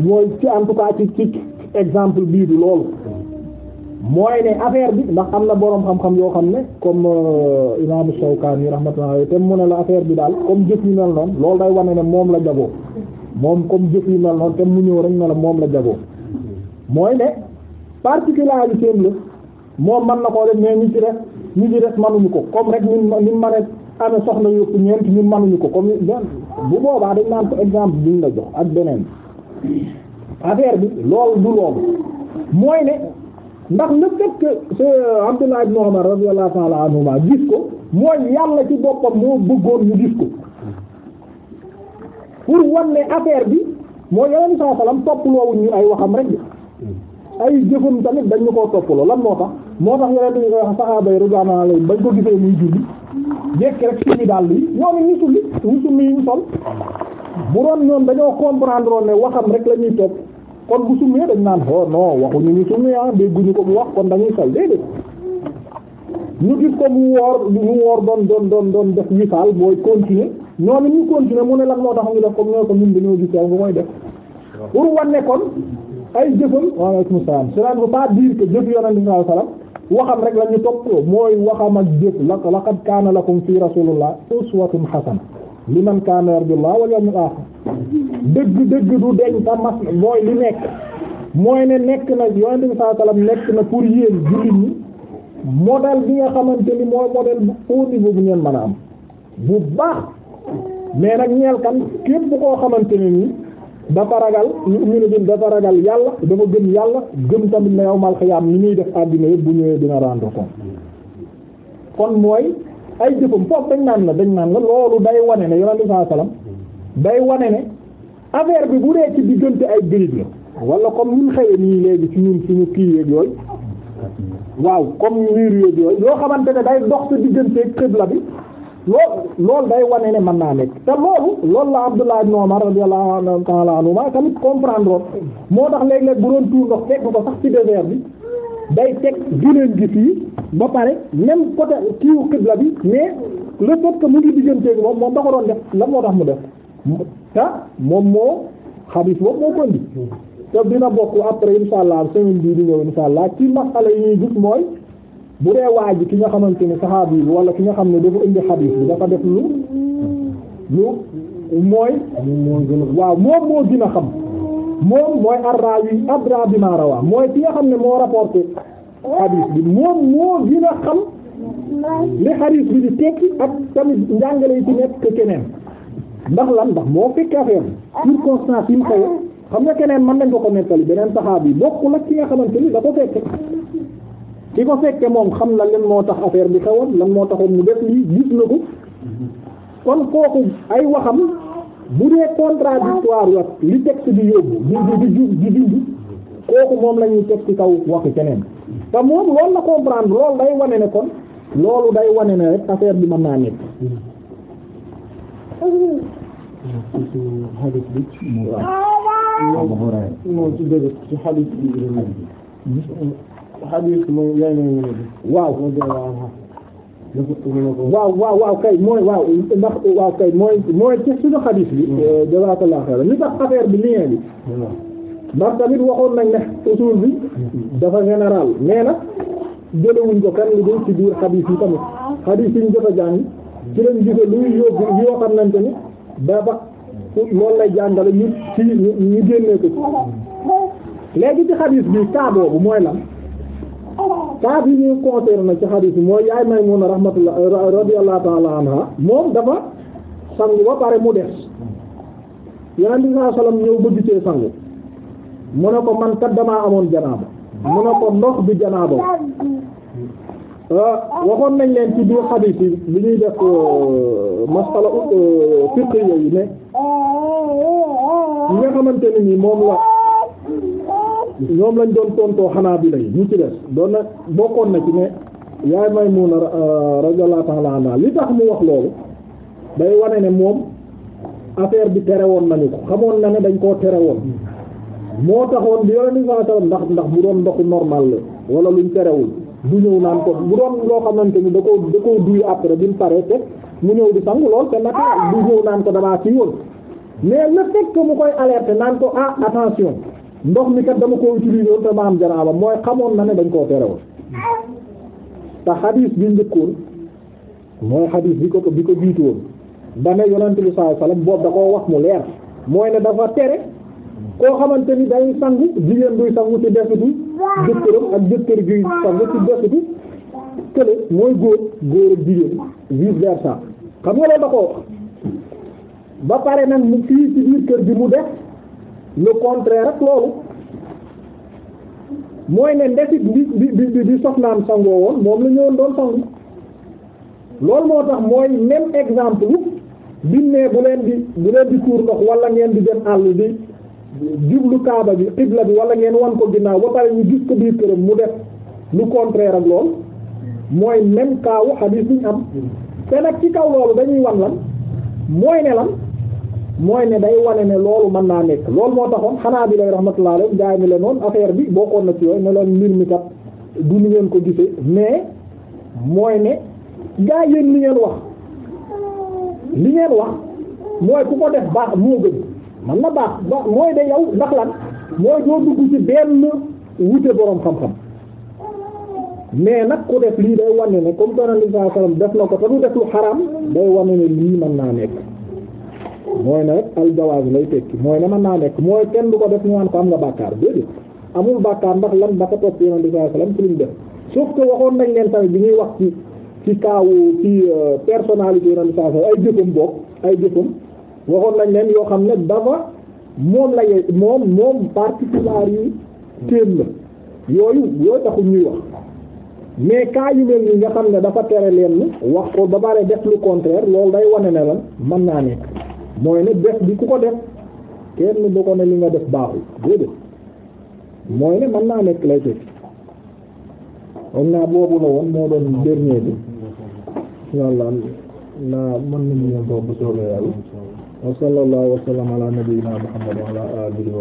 Speaker 1: mooy ci en tout cas ci ci exemple bii du loolu mooy ne affaire bi ndax am na boroom xam-xam yoo xam ne comme euh, imaamu Shawkaani rahmatullahi te mu ne la affaire bi daal comme jëf yu mel noonu loolu day wane ne moom la jagoo moom comme jëf yu mel noonu te mu ñëw rek ne la moom la jagoo mooy ne particularité la moom mën na koo def mais ñi ci def ñi ci def mënuñu ko comme rek ni mu ni mu mën ana soxna yokk ñeent ñun manuñu ko comme bu boobaa dañ naan ko exemple biñ la jox ak beneen affaire bi loolu du loolu mooy ne ndax le fait que ce Abdullah ibn Umar radiyallahu ta'ala anhuma gis ko mooy yàlla ci boppam moo bëggoon ñu gis ko pour wan ne affaire bi moo yeneen saa salaam topp loowuñ ñu ay waxam rek ay jëfam tamit dañu ko topp loo lan moo tax moo tax yonent bi wax saxaaba yi radiyallahu anhum bañ ko gisee muy julli jekk rek suñu dàll yi ñoom ñu sulli ñu sulli yi ñu sol bu doon ñoom dañoo comprendre woon ne waxam rek la ñuy topp kon bu summee dañ naan oh non waxuñu ñu summi ah dégguñu ko bu wax kon dañuy sol déedéet ñu gis ko mu woor mu woor doon doon doon doon def misaal mooy continuer ñoom it ñu continuer mu ne lan moo tax ñu def comme ñoo ko ñun dañoo gis yow bu mooy def pour wane kon ay jëfam waaleykum salaam cela ne veut pas dire que waxam rek la ñu toppoo mooy waxam ak jëf la laqad kaana lakum fi rasulillah uswatun hasana liman kaana yarjullaha wal yawmal akhir dëgg dëgg du deñ ta mooy li nekk mooy ne nekk na yonent bi sallallahu alayhi nekk na pour yéen jullit ñi modèle bi nga xamante ni mooy modèle bu haut niveau bu ngeen mën a am bu baax mais nag ñeel kan képp koo xamante ne nii dafa ragal yu'minu bi dafa ragal yàlla dafa gën yàlla gën tamit na yawmal xiyaam ni muy def àddina yëpp bu ñëwee dina rendre compte kon mooy ay jëfam foofu dañ naan la dañ naan la loolu day wane ne yonent bi sallallahu day wane ne affaire bi bu dee ci diggante ay gërit la wala comme ñun xëye nii léegi ci ñun suñu kii yeeg yooyu waaw comme wiir yeeg yooyu loo xamante ne day dox sa diggante xibla bi loolu loolu day wane ne mën naa nekk te loolu loolu la Abdullah ibn Umar radiyallahu ta'ala anhuma tamit comprendre woon moo tax léeg-léeg bu doon tuur ndox fekk ko sax ci désert bi day teg gëneen gi fii ba pare même côté kiiwu xibla bi mais le fait que mu ngi digganteeg moom moom da ko doon def la moo tax mu def te moom moo xabis boobu moo kondi te dina bokk après insha allah semaine bii di ñëw insha allah ci masala yi ñuy gis mooy bu dee waa ji ki nga xamante ne saxaabi bi wala ki nga xam ne dafa indi xadiis bi dafa def lu lu mooy waaw moom moo gën a xam moom mooy arraawi adra bi ma rawaa mooy ki nga xam ne moo rapporté xadiis bi moom moo gën a xam li xadiis bi di tekki ak tamit njàngale yi ci nekk keneen ndax lan ndax moo fekk affaire circonstance yi mu xew xam nga keneen man nañ ko ko nettali beneen saxaabi bokkul ak ki nga xamante ni da ko ki ko fekke moom xam na leen moo tax affaire bi xewoon lan moo taxoon mu def lii gis na ko kon kooku ay waxam bu dee contradictoire wax li bi yóbbu di di di dindi kooku moom la ñuy teg ci kaw waxi keneen te moom loolu la comprendre loolu day wane ne kon loolu day wane ne rek affaire bi mën naa nekk. waaw. xadiis moom yaay may wér waaw waaw waaw waaw kay mooy waaw ndax waaw kay mooy mooy ci suñu xadiis bi mm. euh, jazakallahu xayran li tax affaire bi lien bi ndax tamit waxoon nañ ne usul bi mm. dafa général mais nag jëlewuñ ko kan li dul ci biir xadiis yi tamit xadiis yi ñu jot a jàng ci lañ gise luy yóbbu yoo xamante ni dafa loolu lay jàngale ñu ci ñu génnee ko mm. léegi ci xadiis bi kaa boobu mooy lan cas bi ñu concerne ci xadiis bi mooy yaay Maymuna rahmatullah radiyallahu ta'ala anha moom dafa sangu ba pare mu des yonent bi sallallahu alayhi wasallam ñëw bëgg cee sangu mu ne ko man kat damaa amoon janaaba mu ne ko ndox bi janaaba ah, waxoon nañ leen ci biir xadiis yi bi ñuy def euh, masala euh, fiqh yooyu ne
Speaker 2: ñi nga xamante ni moom la
Speaker 1: ñoom lañ doon tontoo xanaa bi lay ñu ci des doon na bokkoon na ci ne yaay Maymuna euh, radiyallahu ta'ala anha li tax mu wax loolu day wane ne moom affaire bi tere woon nañu ko xamoon na ne dañ koo tere woon moo taxoon bi yore ni saa ndax ndax bu doon ndoxu normal la wala luñ terewul du ñëw naan ko bu doon loo xamante ni da koo da koo duy après bi mu paree te mu ñëw di sangu lool te naka du ñëw naan ko damaa ci woon mais le fait que mu koy alerter naan ko ah attention. ndox mi kat dama ko utilisé woon te ma am janaaba mooy xamoon na ne dañ koo terewul te xadiis bi njëkkoon mooy xadiis bi ko bi ko jiitu woon ba ne yonent bi sallallahu alayhi wasallam da koo wax mu leer mooy ne dafa tere koo xamante ni day sangu jigéen buy sangu ci desitu jëkkëram ak jëkkër guy sangu ci desitu kële mooy góor góor ak jigéen vice versa xam nga loolu da ko wax ba pare nag mu fii ci biir kër gi mu def le contraire ak loolu mooy ne ndefit bi bi bi bi soxnaam sangoo woon moom la ñëwoon doon sangu loolu moo tax mooy même exemple bi ne bu leen di bu leen di tuur ndox walla ngeen di dem àll bi jublu kaaba bi xibla bi wala ngeen wan ko ginnaaw ba pare ñu gis ko biir këram mu def lu contraire ak loolu mooy même kaawu xadiis bi ñu am te nag ci kaw loolu dañuy wan lan mooy ne lan mooy ne day wane ne loolu mën naa nekk loolu moo taxoon xanaa bi lay rahmatullah alayhi jaay mi lenoon affaire bi bokkoon na ci yooyu ne leen mbir mi kat du ñu ngeen ko gisee mais mooy ne jaay yéen li ngeen wax li ngeen wax mooy ku ko def baax moo gën man na baax ba mooy de yow ndax lan mooy doo dugg ci benn wute boroom xam-xam mais nag ku def lii day wane ne comme Yonent bi sallallahu def na ko te du def lu xaraam day wane ne lii mën naa nekk. mooy na aljawaaz lay tekki mooy ne mën naa nekk mooy kenn du ko def ñu naan am nga bàkkaar déedéet amul bàkkaar ndax lan dafa topp yonent bi sallallahu alayhi wasallam ci li mu def nañ leen tamit bi ñuy wax ci ci kaawu ci euh, personnalité yonent ay jëfam bokk ay jëfam waxoon nañ leen yoo xam ne dafa moom la ye moom moom particulier yi la yooyu yooyu taxul ñuy wax mais cas yi mel ni nga xam ne dafa tere leen wax ko ba bare def lu contraire loolu day wane ne lan mën naa nekk mooy ne def bi ku ko def kenn du ko ne li nga def baaxul déedéet mooy ne mën naa nekk lay teg naa boobu la woon moo doon dernier bi yàlla naa mën nañu leen boobu soobee yàlla wa sallallahu wa sallam ala nabiyyina muhammad wa ala alihi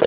Speaker 2: wa